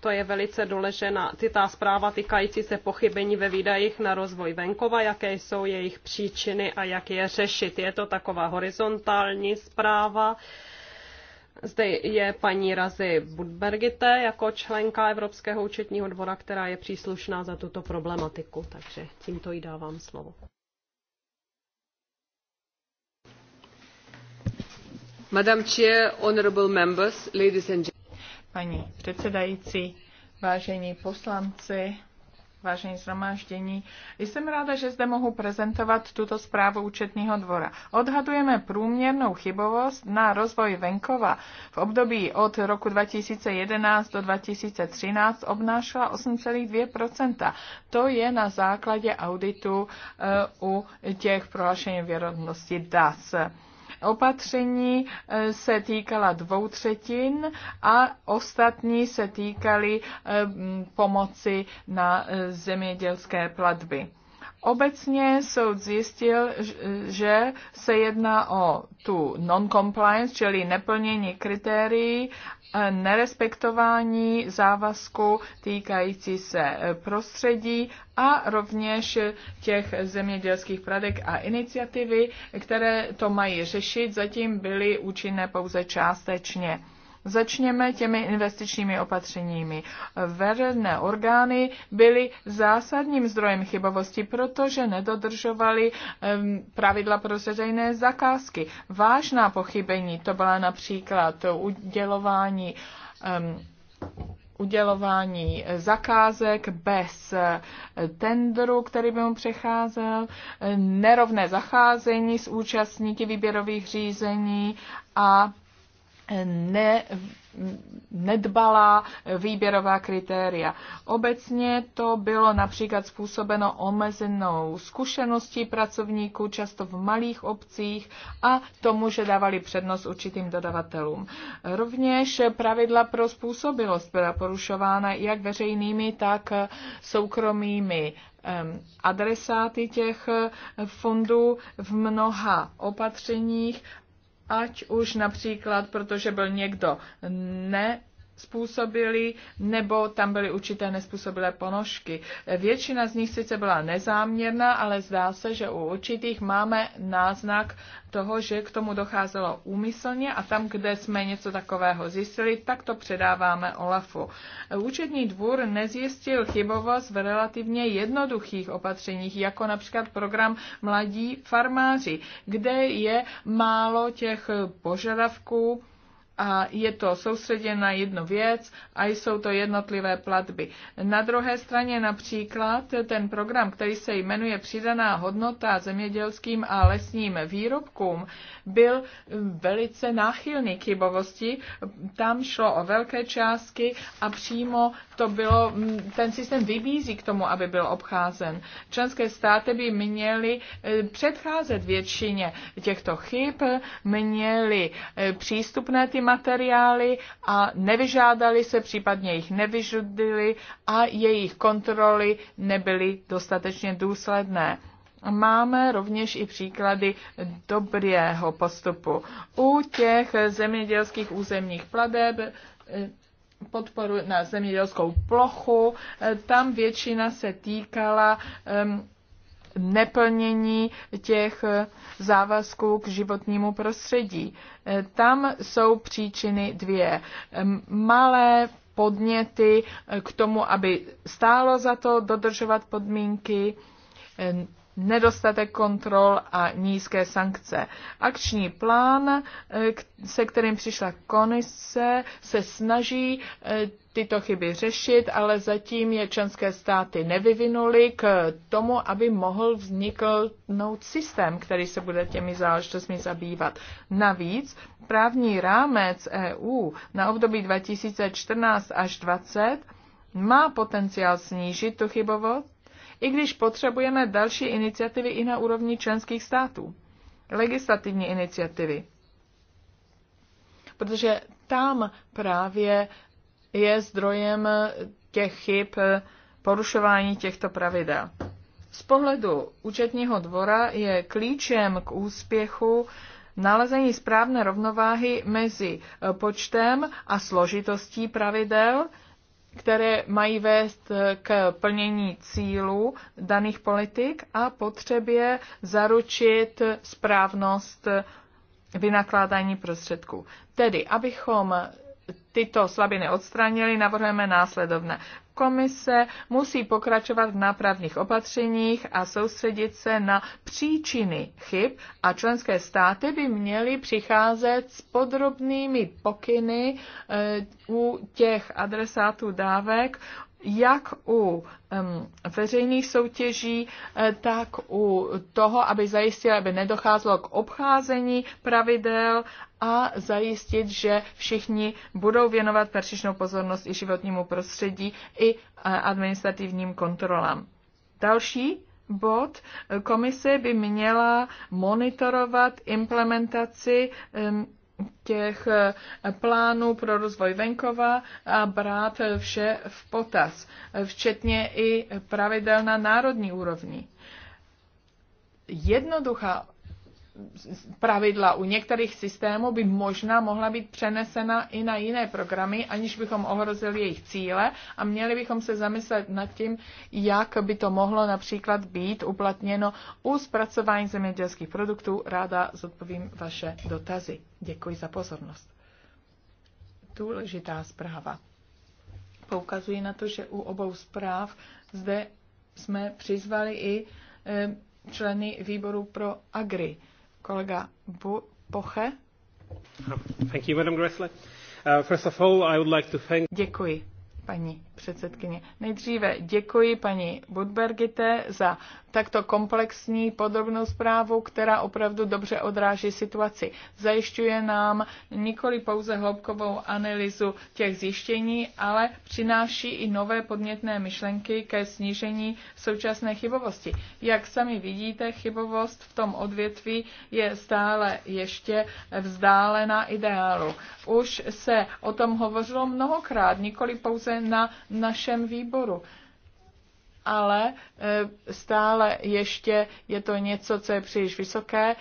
to je velice doležena ta zpráva týkající se pochybení ve výdajích na rozvoj venkova, jaké jsou jejich příčiny a jak je řešit. Je to taková horizontální zpráva. Zde je paní Razy Budbergite jako členka Evropského účetního dvora, která je příslušná za tuto problematiku, takže tímto jí dávám slovo. Madam Chair, honorable members, ladies and gentlemen paní předsedající, vážení poslanci, vážení zhromáždění. Jsem ráda, že zde mohu prezentovat tuto zprávu účetního dvora. Odhadujeme průměrnou chybovost na rozvoj venkova. V období od roku 2011 do 2013 obnášela 8,2%. To je na základě auditu eh, u těch prohlášení věrodnosti DAS. Opatření eh, se týkala dvou třetin a ostatní se týkaly eh, pomoci na eh, zemědělské platby. Obecně soud zjistil, že se jedná o tu non-compliance, čili neplnění kritérií, eh, nerespektování závazku týkající se eh, prostředí a rovněž těch zemědělských pradek a iniciativy, které to mají řešit, zatím byly účinné pouze částečně. Začněme těmi investičními opatřeními. Veřejné orgány byly zásadním zdrojem chybovosti, protože nedodržovaly pravidla pro veřejné zakázky. Vážná pochybení to byla například udělování udělování zakázek bez eh, tendru, který by mu přecházel, eh, nerovné zacházení s účastníky výběrových řízení a ne, nedbalá výběrová kritéria. Obecně to bylo například způsobeno omezenou zkušeností pracovníků, často v malých obcích a tomu, že dávali přednost určitým dodavatelům. Rovněž pravidla pro způsobilost byla porušována jak veřejnými, tak soukromými adresáty těch eh, fondů v mnoha opatřeních ať už například, protože byl někdo ne způsobili, nebo tam byly určité nespůsobilé ponožky. Většina z nich sice byla nezáměrná, ale zdá se, že u určitých máme náznak toho, že k tomu docházelo úmyslně a tam, kde jsme něco takového zjistili, tak to předáváme Olafu. Účetní dvůr nezjistil chybovost v relativně jednoduchých opatřeních, jako například program Mladí farmáři, kde je málo těch požadavků, a je to soustředěno na jednu věc a jsou to jednotlivé platby. Na druhé straně například ten program, který se jmenuje Přidaná hodnota zemědělským a lesním výrobkům, byl velice náchylný k chybovosti. Tam šlo o velké částky a přímo to bylo, mm, ten systém vybízí k tomu, aby byl obcházen. Členské státy by měly eh, předcházet většině těchto chyb, měly eh, přístupné ty materiály a nevyžádali se, případně jich nevyžudili a jejich kontroly nebyly dostatečně důsledné. Máme rovněž i příklady dobrého postupu. U těch zemědělských územních pladeb eh, podporu na zemědělskou plochu, eh, tam většina se týkala um, neplnění těch závazků k životnímu prostředí. Tam jsou příčiny dvě. Malé podněty k tomu, aby stálo za to dodržovat podmínky, nedostatek kontrol a nízké sankce. Akční plán, eh, se kterým přišla komise, se snaží eh, tyto chyby řešit, ale zatím je členské státy nevyvinuly k tomu, aby mohl vzniknout systém, který se bude těmi záležitostmi zabývat. Navíc právní rámec EU na období 2014 až 2020 má potenciál snížit tu chybovost, i když potřebujeme další iniciativy i na úrovni členských států. Legislativní iniciativy. Protože tam právě je zdrojem těch chyb porušování těchto pravidel. Z pohledu účetního dvora je klíčem k úspěchu nalezení správné rovnováhy mezi počtem a složitostí pravidel, které mají vést eh, k plnění cílů daných politik a potřebě zaručit správnost eh, vynakládání prostředků. Tedy, abychom tyto slabiny odstranili, navrhujeme následovné. Komise musí pokračovat v nápravných opatřeních a soustředit se na příčiny chyb a členské státy by měly přicházet s podrobnými pokyny eh, u těch adresátů dávek jak u um, veřejných soutěží, eh, tak u toho, aby zajistil, aby nedocházelo k obcházení pravidel a zajistit, že všichni budou věnovat patřičnou pozornost i životnímu prostředí, i eh, administrativním kontrolám. Další bod. Komise by měla monitorovat implementaci um, těch eh, plánů pro rozvoj venkova a brát vše v potaz, včetně i pravidel na národní úrovni. Jednoduchá pravidla u některých systémů by možná mohla být přenesena i na jiné programy, aniž bychom ohrozili jejich cíle a měli bychom se zamyslet nad tím, jak by to mohlo například být uplatněno u zpracování zemědělských produktů. Ráda zodpovím vaše dotazy. Děkuji za pozornost. Důležitá zpráva. Poukazuji na to, že u obou zpráv zde jsme přizvali i eh, členy výboru pro agri Kolega Bu- Poche. Thank you, Madam Uh, first of all, I would like to thank... Děkuji, paní předsedkyně. Nejdříve děkuji paní Budbergite za takto komplexní podrobnou zprávu, která opravdu dobře odráží situaci. Zajišťuje nám nikoli pouze hloubkovou analýzu těch zjištění, ale přináší i nové podnětné myšlenky ke snížení současné chybovosti. Jak sami vidíte, chybovost v tom odvětví je stále ještě vzdálena ideálu. Už se o tom hovořilo mnohokrát, nikoli pouze na našem výboru ale e, stále ještě je to něco, co je příliš vysoké,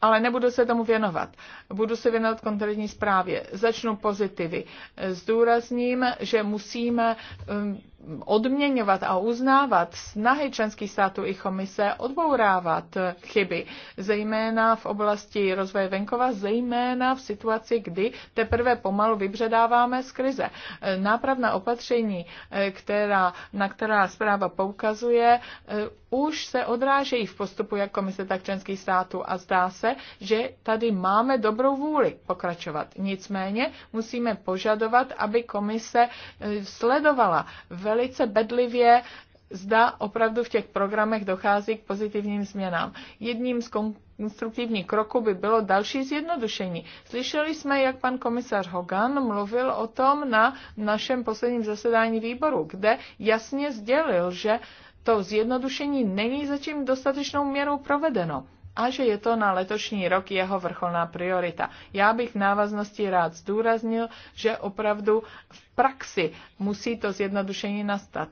ale nebudu se tomu věnovat. Budu se věnovat konkrétní zprávě. Začnu pozitivy. E, zdůrazním, že musíme um, odměňovat a uznávat snahy členských států i komise odbourávat chyby, zejména v oblasti rozvoje venkova, zejména v situaci, kdy teprve pomalu vybředáváme z krize. Nápravná opatření, eh, která, na která zpráva poukazuje, eh, už se odrážejí v postupu jak komise, tak členských států a zdá se, že tady máme dobrou vůli pokračovat. Nicméně musíme požadovat, aby komise eh, sledovala ve velice bedlivě, zda opravdu v těch programech dochází k pozitivním změnám. Jedním z konstruktivních kroků by bylo další zjednodušení. Slyšeli jsme, jak pan komisař Hogan mluvil o tom na našem posledním zasedání výboru, kde jasně sdělil, že to zjednodušení není zatím dostatečnou měrou provedeno a že je to na letošní rok jeho vrcholná priorita. Já bych v návaznosti rád zdůraznil, že opravdu v praxi musí to zjednodušení nastat.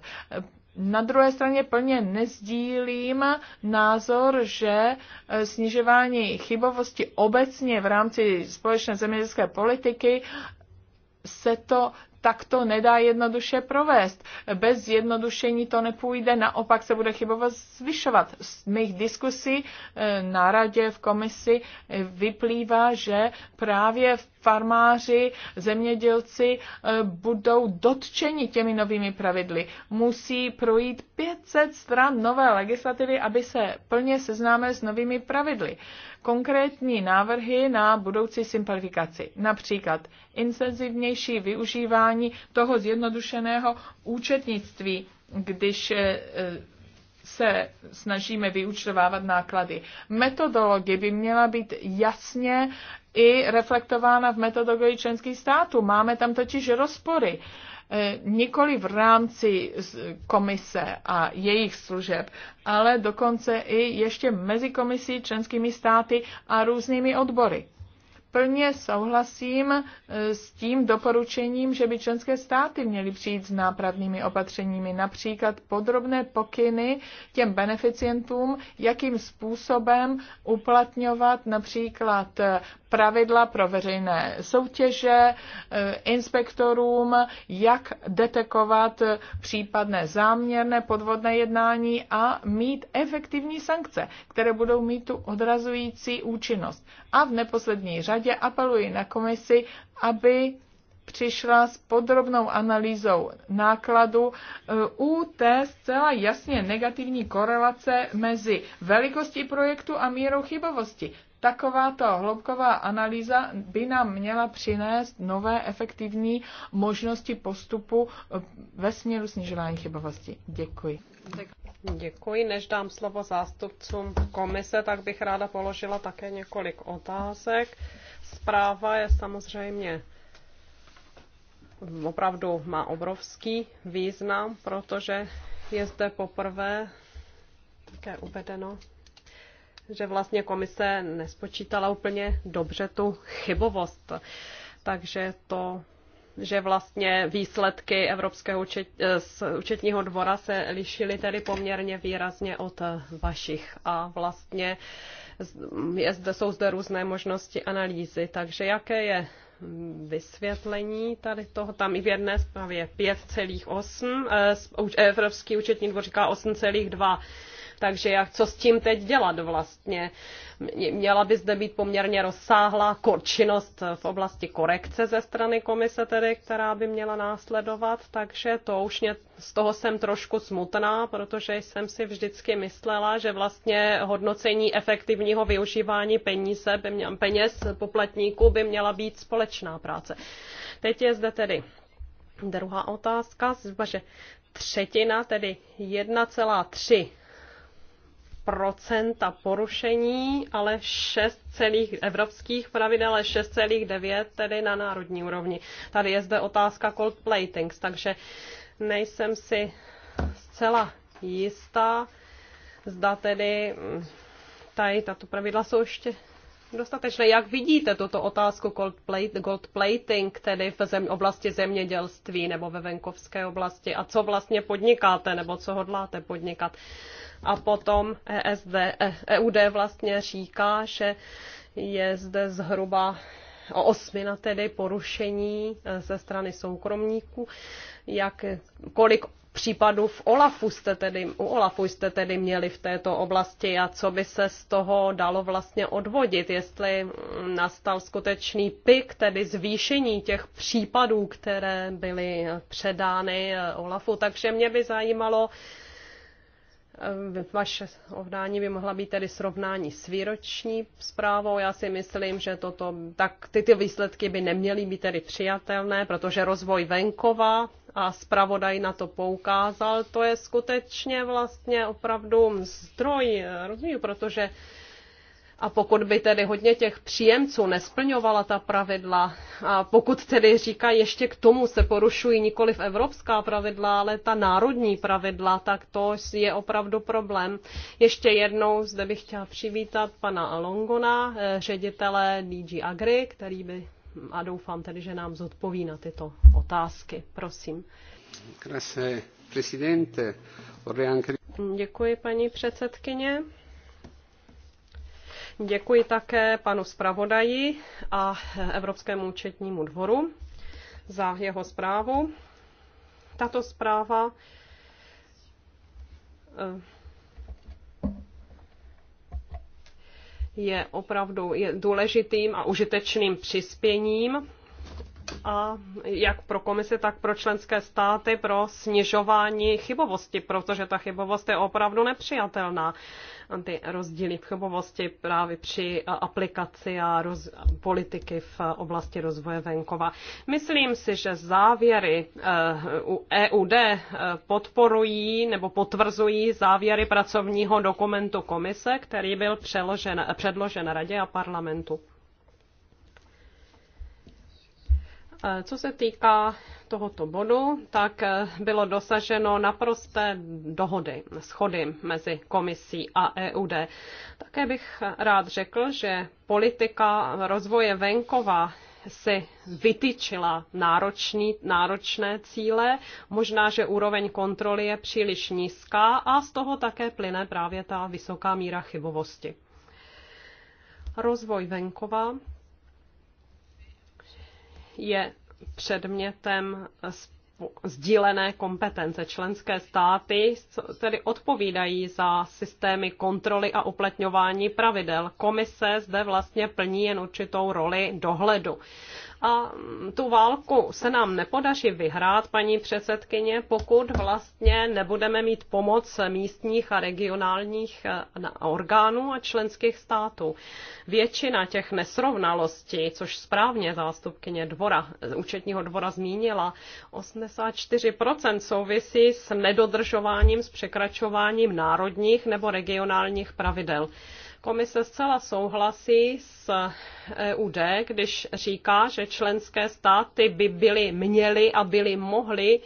Na druhé straně plně nezdílím názor, že e, snižování chybovosti obecně v rámci společné zemědělské politiky se to tak to nedá jednoduše provést. Bez zjednodušení to nepůjde, naopak se bude chybovat zvyšovat. Z mých diskusí eh, na radě v komisi eh, vyplývá, že právě v farmáři, zemědělci eh, budou dotčeni těmi novými pravidly. Musí projít 500 stran nové legislativy, aby se plně seznámili s novými pravidly. Konkrétní návrhy na budoucí simplifikaci, například intenzivnější využívání toho zjednodušeného účetnictví, když eh, se snažíme vyučtovávat náklady. Metodologie by měla být jasně i reflektována v metodologii členských států. Máme tam totiž rozpory eh, nikoli v rámci komise a jejich služeb, ale dokonce i ještě mezi komisí, členskými státy a různými odbory plně souhlasím e, s tím doporučením, že by členské státy měly přijít s nápravnými opatřeními, například podrobné pokyny těm beneficientům, jakým způsobem uplatňovat například pravidla pro veřejné soutěže, e, inspektorům, jak detekovat případné záměrné podvodné jednání a mít efektivní sankce, které budou mít tu odrazující účinnost. A v neposlední řadě vládě apeluji na komisi, aby přišla s podrobnou analýzou nákladu eh, u té zcela jasně negativní korelace mezi velikostí projektu a mírou chybovosti. Takováto hloubková analýza by nám měla přinést nové efektivní možnosti postupu eh, ve směru snižování chybovosti. Děkuji. Děkuji. Než dám slovo zástupcům komise, tak bych ráda položila také několik otázek. Zpráva je samozřejmě opravdu má obrovský význam, protože je zde poprvé také uvedeno, že vlastně komise nespočítala úplně dobře tu chybovost. Takže to že vlastně výsledky Evropského eh, z účetního dvora se lišily tedy poměrně výrazně od vašich. A vlastně je zde, jsou zde různé možnosti analýzy, takže jaké je vysvětlení tady toho, tam i v jedné zprávě 5,8, eh, Evropský účetní dvor říká 8,2 takže jak, co s tím teď dělat vlastně? Měla by zde být poměrně rozsáhlá korčinnost v oblasti korekce ze strany komise, tedy, která by měla následovat, takže to už mě, z toho jsem trošku smutná, protože jsem si vždycky myslela, že vlastně hodnocení efektivního využívání peníze by měla, peněz poplatníků by měla být společná práce. Teď je zde tedy druhá otázka, zba, že třetina, tedy 1,3 procenta porušení, ale 6 celých evropských pravidel, ale 6,9 tedy na národní úrovni. Tady je zde otázka cold platings, takže nejsem si zcela jistá, zda tedy mm, tady tato pravidla jsou ještě dostatečné. Jak vidíte tuto otázku gold, plate, gold plating, tedy v zem, oblasti zemědělství nebo ve venkovské oblasti a co vlastně podnikáte nebo co hodláte podnikat? A potom ESD, EUD e vlastně říká, že je zde zhruba o osmina tedy porušení e, ze strany soukromníků, jak, kolik případů v OLAFu jste tedy, u OLAFu jste tedy měli v této oblasti a co by se z toho dalo vlastně odvodit, jestli nastal skutečný pik, tedy zvýšení těch případů, které byly předány OLAFu. Takže mě by zajímalo, Ehm, vaše ovdání by mohla být tedy srovnání s výroční zprávou. Já si myslím, že toto, tak ty, ty výsledky by neměly být tedy přijatelné, protože rozvoj venkova a zpravodaj na to poukázal, to je skutečně vlastně opravdu zdroj eh, rozvíjí, protože a pokud by tedy hodně těch příjemců nesplňovala ta pravidla, a pokud tedy říká ještě k tomu se porušují nikoli v evropská pravidla, ale ta národní pravidla, tak to je opravdu problém. Ještě jednou zde bych chtěla přivítat pana Alongona, eh, ředitele DG Agri, který by a doufám tedy, že nám zodpoví na tyto otázky. Prosím. Krase, Děkuji, paní předsedkyně. Děkuji také panu zpravodaji a Evropskému účetnímu dvoru za jeho zprávu. Tato zpráva eh, je opravdu je důležitým a užitečným přispěním a jak pro komisi, tak pro členské státy pro snižování chybovosti, protože ta chybovost je opravdu nepřijatelná. Ty rozdíly v chybovosti právě při aplikaci a roz, politiky v oblasti rozvoje venkova. Myslím si, že závěry eh, u EUD eh, podporují nebo potvrzují závěry pracovního dokumentu komise, který byl předložen radě a parlamentu. Eh, co se týká tohoto bodu, tak eh, bylo dosaženo naprosté dohody, schody mezi komisí a EUD. Také bych rád řekl, že politika rozvoje venkova si vytyčila náročný, náročné cíle, možná, že úroveň kontroly je příliš nízká a z toho také plyne právě ta vysoká míra chybovosti. Rozvoj venkova je předmětem sdílené kompetence. Členské státy tedy odpovídají za systémy kontroly a uplatňování pravidel. Komise zde vlastně plní jen určitou roli dohledu. A tu válku se nám nepodaří vyhrát, paní předsedkyně, pokud vlastně nebudeme mít pomoc místních a regionálních eh, orgánů a členských států. Většina těch nesrovnalostí, což správně zástupkyně dvora, eh, účetního dvora zmínila, 84% souvisí s nedodržováním, s překračováním národních nebo regionálních pravidel. Komise zcela souhlasí s EUD, eh, když říká, že členské státy by byly měly a byly mohly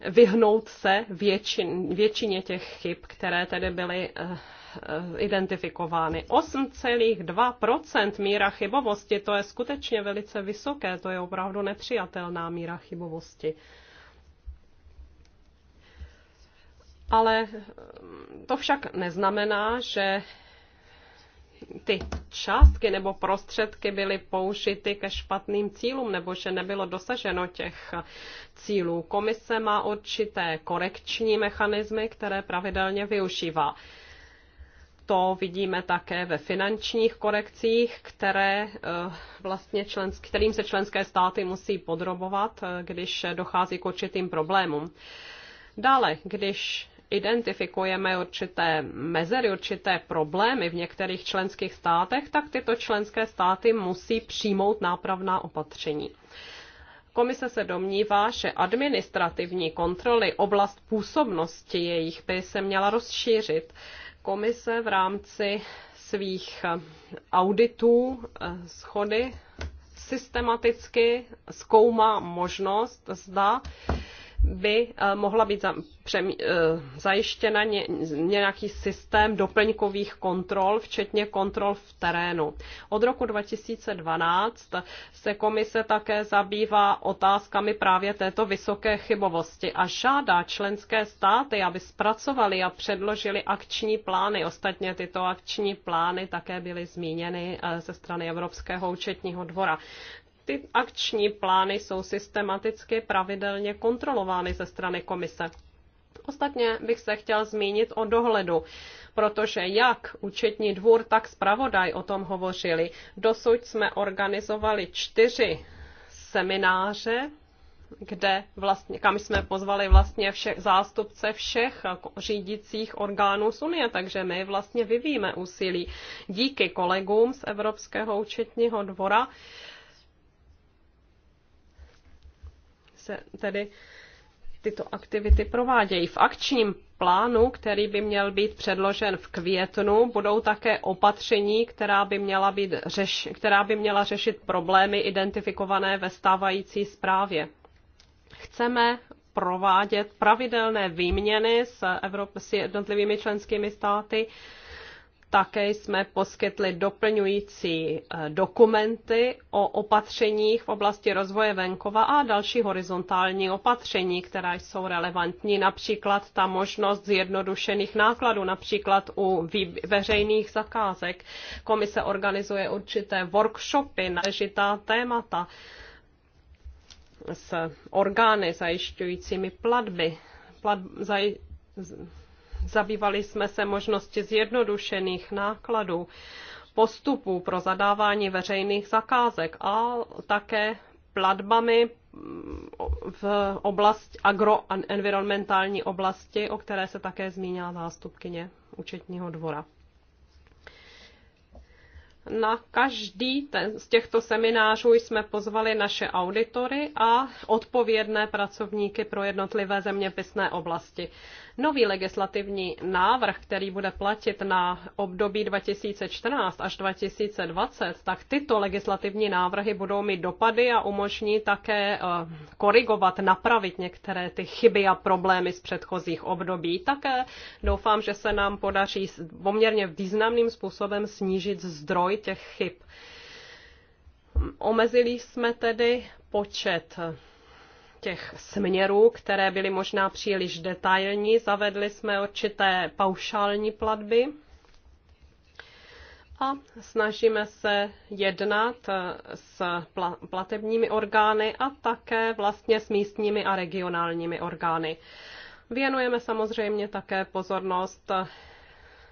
vyhnout se většin, většině těch chyb, které tedy byly eh, eh, identifikovány. 8,2% míra chybovosti, to je skutečně velice vysoké, to je opravdu nepřijatelná míra chybovosti. Ale to však neznamená, že ty částky nebo prostředky byly použity ke špatným cílům nebo že nebylo dosaženo těch cílů. Komise má určité korekční mechanismy, které pravidelně využívá. To vidíme také ve finančních korekcích, které eh, vlastně člensk, kterým se členské státy musí podrobovat, eh, když dochází k určitým problémům. Dále, když identifikujeme určité mezery, určité problémy v některých členských státech, tak tyto členské státy musí přijmout nápravná opatření. Komise se domnívá, že administrativní kontroly oblast působnosti jejich by se měla rozšířit. Komise v rámci svých eh, auditů eh, schody systematicky zkoumá možnost, zda by eh, mohla být eh, zajištěna nějaký systém doplňkových kontrol, včetně kontrol v terénu. Od roku 2012 se komise také zabývá otázkami právě této vysoké chybovosti a žádá členské státy, aby zpracovali a předložili akční plány. Ostatně tyto akční plány také byly zmíněny eh, ze strany Evropského účetního dvora ty akční plány jsou systematicky pravidelně kontrolovány ze strany komise. Ostatně bych se chtěl zmínit o dohledu, protože jak účetní dvůr, tak zpravodaj o tom hovořili. Dosud jsme organizovali čtyři semináře, kde vlastně, kam jsme pozvali vlastně všech zástupce všech řídících orgánů z Unie, takže my vlastně vyvíjíme úsilí díky kolegům z Evropského účetního dvora, se tedy tyto aktivity provádějí. V akčním plánu, který by měl být předložen v květnu, budou také opatření, která by měla, být řeš, která by měla řešit problémy identifikované ve stávající zprávě. Chceme provádět pravidelné výměny s, Evrop, s jednotlivými členskými státy, také jsme poskytli doplňující eh, dokumenty o opatřeních v oblasti rozvoje venkova a další horizontální opatření, která jsou relevantní, například ta možnost zjednodušených nákladů, například u veřejných zakázek. Komise organizuje určité workshopy na žitá témata s orgány zajišťujícími platby. Plat, zaj, Zabývali jsme se možnosti zjednodušených nákladů, postupů pro zadávání veřejných zakázek a také platbami v oblasti agroenvironmentální oblasti, o které se také zmínila zástupkyně účetního dvora. Na každý ten, z těchto seminářů jsme pozvali naše auditory a odpovědné pracovníky pro jednotlivé zeměpisné oblasti. Nový legislativní návrh, který bude platit na období 2014 až 2020, tak tyto legislativní návrhy budou mít dopady a umožní také eh, korigovat, napravit některé ty chyby a problémy z předchozích období. Také doufám, že se nám podaří poměrně významným způsobem snížit zdroj těch chyb. Omezili jsme tedy počet těch směrů, které byly možná příliš detailní. Zavedli jsme určité paušální platby a snažíme se jednat s platebními orgány a také vlastně s místními a regionálními orgány. Věnujeme samozřejmě také pozornost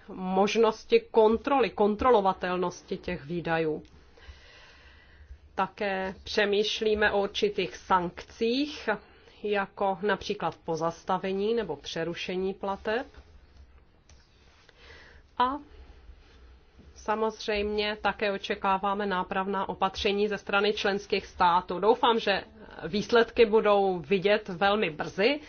možnosti kontroly, kontrolovatelnosti těch výdajů. Také přemýšlíme o určitých sankcích, jako například pozastavení nebo přerušení plateb. A samozřejmě také očekáváme nápravná opatření ze strany členských států. Doufám, že výsledky budou vidět velmi brzy,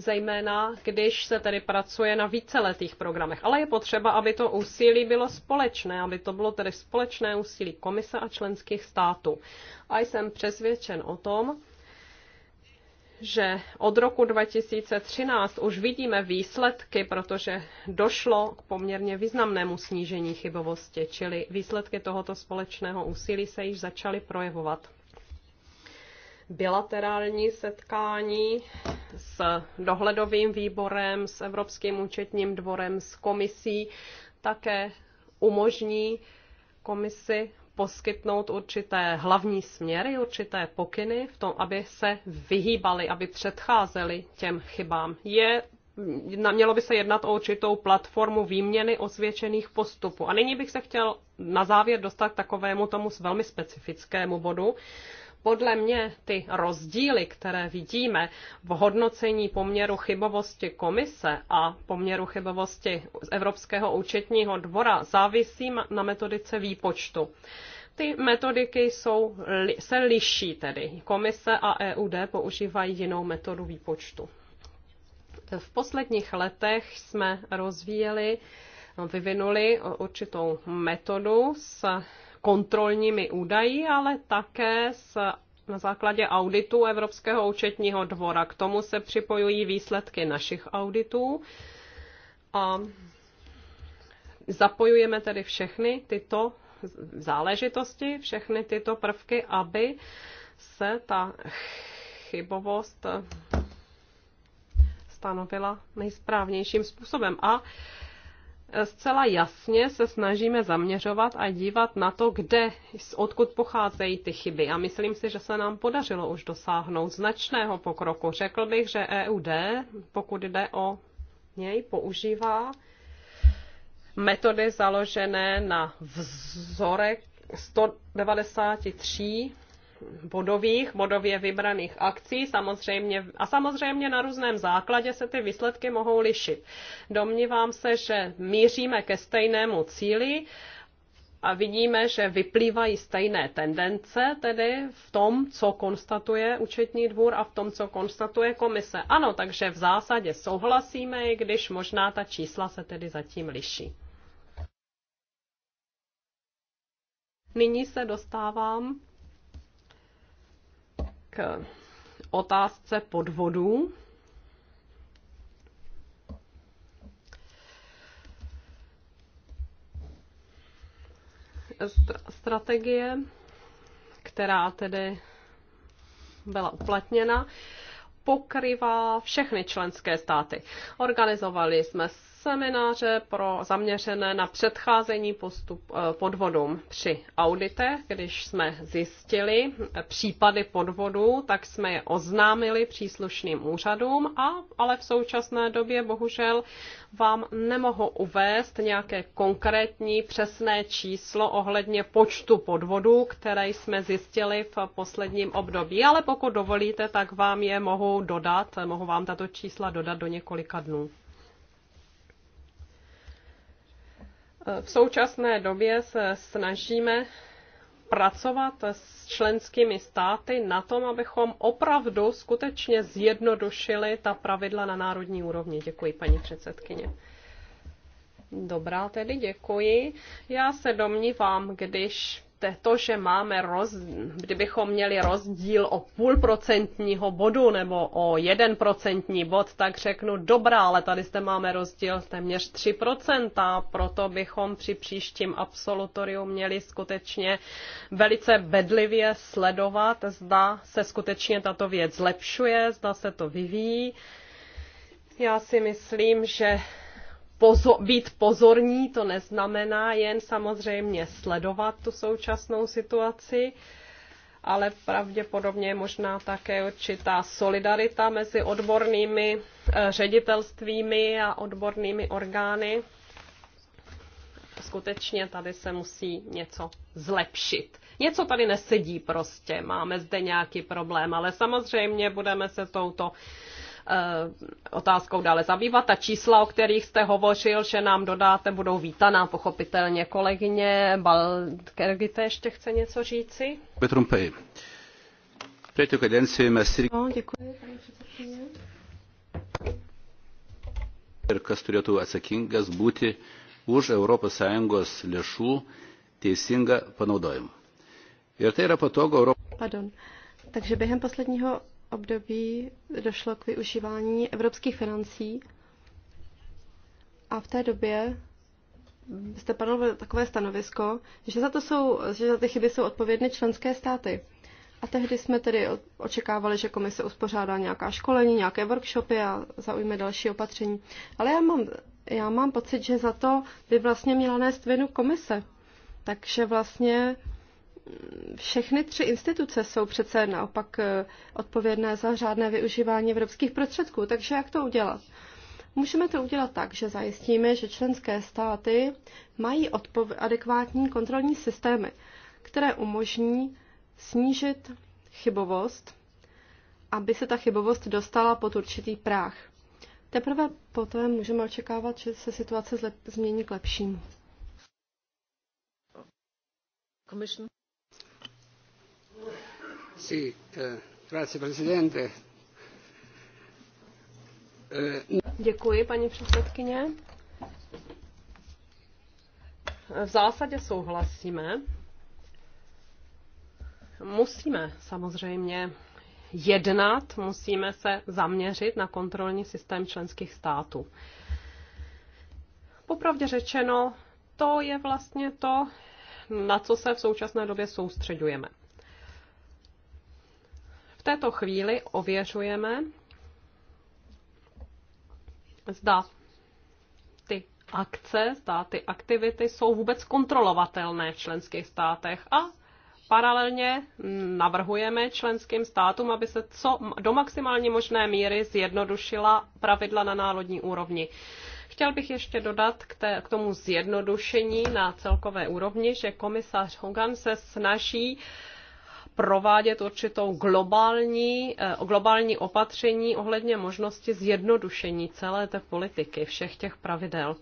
zejména když se tedy pracuje na víceletých programech. Ale je potřeba, aby to úsilí bylo společné, aby to bylo tedy společné úsilí komise a členských států. A jsem přesvědčen o tom, že od roku 2013 už vidíme výsledky, protože došlo k poměrně významnému snížení chybovosti, čili výsledky tohoto společného úsilí se již začaly projevovat bilaterální setkání s dohledovým výborem, s Evropským účetním dvorem, s komisí také umožní komisi poskytnout určité hlavní směry, určité pokyny v tom, aby se vyhýbali, aby předcházeli těm chybám. Je mělo by se jednat o určitou platformu výměny osvědčených postupů. A nyní bych se chtěl na závěr dostat k takovému tomu velmi specifickému bodu, podle mě ty rozdíly, které vidíme v hodnocení poměru chybovosti komise a poměru chybovosti z Evropského účetního dvora, závisí na metodice výpočtu ty metodiky jsou, se liší tedy. Komise a EUD používají jinou metodu výpočtu. V posledních letech jsme rozvíjeli, vyvinuli určitou metodu s kontrolními údaji, ale také s na základě auditu Evropského účetního dvora. K tomu se připojují výsledky našich auditů a zapojujeme tedy všechny tyto záležitosti, všechny tyto prvky, aby se ta chybovost stanovila nejsprávnějším způsobem. A zcela jasně se snažíme zaměřovat a dívat na to, kde, odkud pocházejí ty chyby. A myslím si, že se nám podařilo už dosáhnout značného pokroku. Řekl bych, že EUD, pokud jde o něj, používá metody založené na vzorek 193 bodových, bodově vybraných akcí samozřejmě, a samozřejmě na různém základě se ty výsledky mohou lišit. Domnívám se, že míříme ke stejnému cíli a vidíme, že vyplývají stejné tendence, tedy v tom, co konstatuje účetní dvůr a v tom, co konstatuje komise. Ano, takže v zásadě souhlasíme, i když možná ta čísla se tedy zatím liší. Nyní se dostávám k otázce podvodů. Strategie, která tedy byla uplatněna, pokryvá všechny členské státy. Organizovali jsme semináře pro zaměřené na předcházení postup, eh, podvodům při audite. Když jsme zjistili eh, případy podvodů, tak jsme je oznámili příslušným úřadům, a, ale v současné době bohužel vám nemohu uvést nějaké konkrétní přesné číslo ohledně počtu podvodů, které jsme zjistili v posledním období, ale pokud dovolíte, tak vám je mohu dodat, mohu vám tato čísla dodat do několika dnů. V současné době se snažíme pracovat s členskými státy na tom, abychom opravdu skutečně zjednodušili ta pravidla na národní úrovni. Děkuji, paní předsedkyně. Dobrá, tedy děkuji. Já se domnívám, když to, že máme roz, kdybychom měli rozdíl o půl procentního bodu nebo o jeden procentní bod, tak řeknu dobrá, ale tady zde máme rozdíl téměř 3%, proto bychom při příštím absolutoriu měli skutečně velice bedlivě sledovat, zda se skutečně tato věc zlepšuje, zda se to vyvíjí. Já si myslím, že být pozorní, to neznamená jen samozřejmě sledovat tu současnou situaci, ale pravděpodobně je možná také určitá solidarita mezi odbornými eh, ředitelstvími a odbornými orgány. Skutečně tady se musí něco zlepšit. Něco tady nesedí prostě, máme zde nějaký problém, ale samozřejmě budeme se touto Eh, otázkou dále zabývat. Ta čísla, o kterých jste hovořil, že nám dodáte, budou vítaná pochopitelně kolegyně. Balkergite ještě chce něco říci? Petrum Pej. Této kadenci mesi... No, děkuji, paní předsedkyně. Ir kas turėtų atsakingas būti už ES lėšų teisingą panaudojimą. Ir tai yra patogu Europos. Pardon. Takže během posledního období došlo k využívání evropských financí a v té době jste padlo takové stanovisko, že za, to jsou, že za ty chyby jsou odpovědny členské státy. A tehdy jsme tedy očekávali, že komise uspořádá nějaká školení, nějaké workshopy a zaujme další opatření. Ale já mám, já mám pocit, že za to by vlastně měla nést vinu komise. Takže vlastně všechny tři instituce jsou přece naopak eh, odpovědné za řádné využívání evropských prostředků, takže jak to udělat? Můžeme to udělat tak, že zajistíme, že členské státy mají adekvátní kontrolní systémy, které umožní snížit chybovost, aby se ta chybovost dostala pod určitý práh. Teprve poté můžeme očekávat, že se situace zlep- změní k lepšímu. Commission. Sì, eh, grazie Presidente. Eh, Děkuji, paní předsedkyně. V zásadě souhlasíme. Musíme samozřejmě jednat, musíme se zaměřit na kontrolní systém členských států. Popravdě řečeno, to je vlastně to, na co se v současné době soustředujeme. V této chvíli ověřujeme, zda ty akce, zda ty aktivity jsou vůbec kontrolovatelné v členských státech a Paralelně navrhujeme členským státům, aby se co do maximální možné míry zjednodušila pravidla na národní úrovni. Chtěl bych ještě dodat k, té, k tomu zjednodušení na celkové úrovni, že komisař Hogan se snaží uh, provádět určitou globální, eh, globální opatření ohledně možnosti zjednodušení celé té politiky, všech těch pravidel.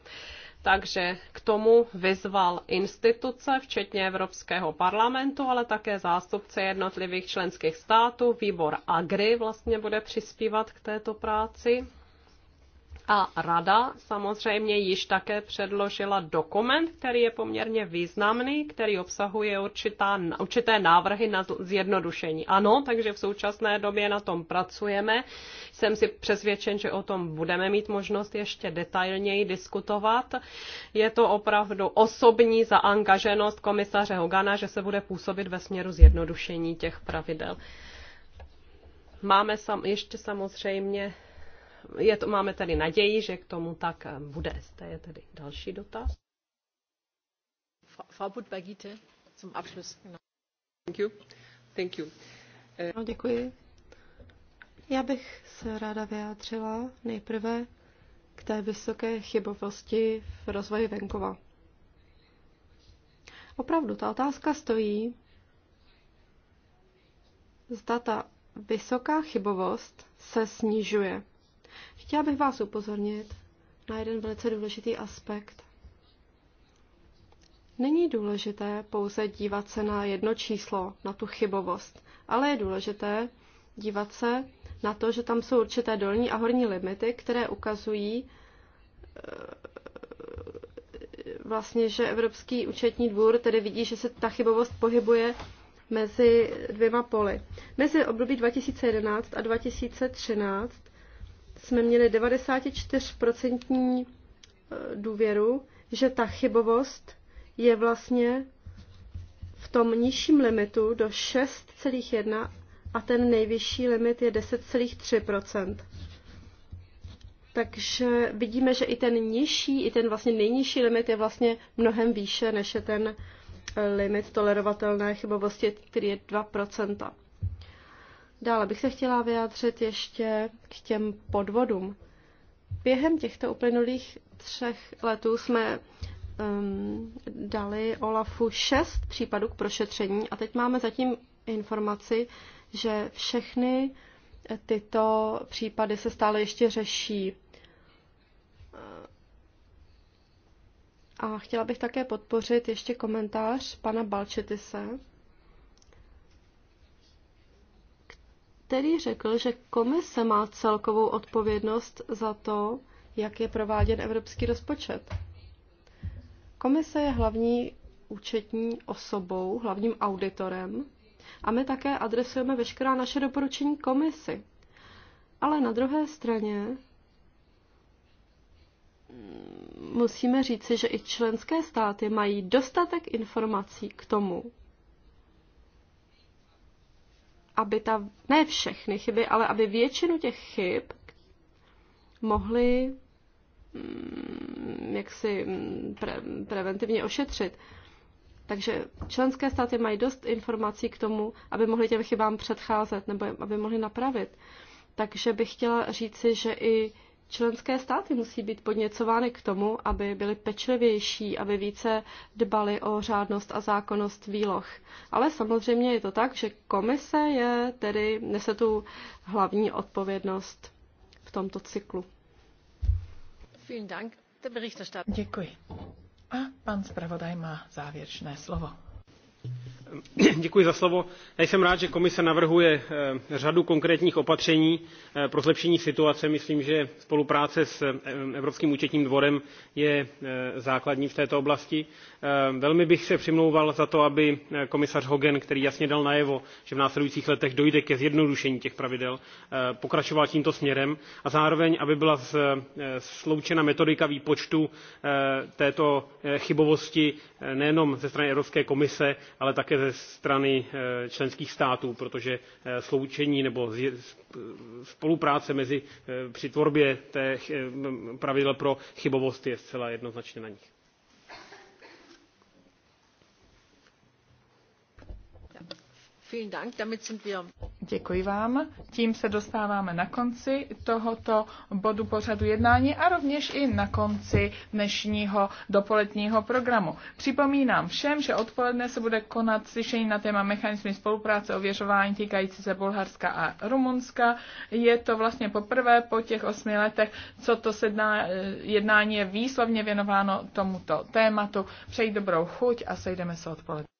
Takže k tomu vyzval instituce, včetně Evropského parlamentu, ale také zástupce jednotlivých členských států. Výbor Agri vlastně bude přispívat k této práci. A rada samozřejmě již také předložila dokument, který je poměrně významný, který obsahuje určitá, určité návrhy na zjednodušení. Ano, takže v současné době na tom pracujeme. Jsem si přesvědčen, že o tom budeme mít možnost ještě detailněji diskutovat. Je to opravdu osobní zaangaženost komisaře Hogana, že se bude působit ve směru zjednodušení těch pravidel. Máme sam, ještě samozřejmě je to, máme tedy naději, že k tomu tak eh, bude. To je tedy další dotaz. Frau Budbergite, zum Abschluss. Thank you. Thank you. Eh, no, děkuji. Já bych se ráda vyjádřila nejprve k té vysoké chybovosti v rozvoji venkova. Opravdu, ta otázka stojí, zda ta vysoká chybovost se snižuje. Chtěla bych vás upozornit na jeden velice důležitý aspekt. Není důležité pouze dívat se na jedno číslo, na tu chybovost, ale je důležité dívat se na to, že tam jsou určité dolní a horní limity, které ukazují eh, vlastně, že Evropský účetní dvůr tedy vidí, že se ta chybovost pohybuje mezi dvěma poli. Mezi období 2011 a 2013 jsme měli 94% eh, důvěru, že ta chybovost je vlastně v tom nižším limitu do 6,1 a ten nejvyšší limit je 10,3 Takže vidíme, že i ten nižší, i ten vlastně nejnižší limit je vlastně mnohem výše, než je ten eh, limit tolerovatelné chybovosti, který je 2 Dále bych se chtěla vyjádřit ještě k těm podvodům. Během těchto uplynulých třech letů jsme um, dali Olafu šest případů k prošetření a teď máme zatím informaci, že všechny tyto případy se stále ještě řeší. A chtěla bych také podpořit ještě komentář pana Balčetise, který řekl, že komise má celkovou odpovědnost za to, jak je prováděn evropský rozpočet. Komise je hlavní účetní osobou, hlavním auditorem a my také adresujeme veškerá naše doporučení komisi. Ale na druhé straně musíme říci, že i členské státy mají dostatek informací k tomu, aby ta, ne všechny chyby, ale aby většinu těch chyb mohli mm, jaksi mm, pre, preventivně ošetřit. Takže členské státy mají dost informací k tomu, aby mohli těm chybám předcházet nebo aby mohli napravit. Takže bych chtěla říci, že i Členské státy musí být podněcovány k tomu, aby byly pečlivější, aby více dbali o řádnost a zákonnost výloh. Ale samozřejmě je to tak, že komise je tedy nese tu hlavní odpovědnost v tomto cyklu. Děkuji. A pan zpravodaj má závěrečné slovo. Eh, za slovo. Já jsem rád, že komise navrhuje eh, řadu konkrétních opatření eh, pro zlepšení situace. Myslím, že spolupráce s Evropským účetním dvorem je základní v této oblasti. Velmi bych se přimlouval za to, aby komisař Hogan, který jasně dal najevo, že v následujících letech dojde ke zjednodušení těch pravidel, pokračoval tímto směrem a zároveň, aby byla sloučena metodika výpočtu této chybovosti nejenom ze strany Evropské komise, ale také ze strany eh, členských států protože eh, sloučení nebo spolupráce mezi, eh, při tvorbě těch pravidel pro chybovost je zcela jednoznačně na nich. Děkuji vám. Tím se dostáváme na konci tohoto bodu pořadu jednání a rovněž i na konci dnešního dopoledního programu. Připomínám všem, že odpoledne se bude konat slyšení na téma mechanismy spolupráce ověřování týkající se Bulharska a Rumunska. Je to vlastně poprvé po těch osmi letech, co to sedná, jednání je výslovně věnováno tomuto tématu. Přeji dobrou chuť a sejdeme se odpoledne.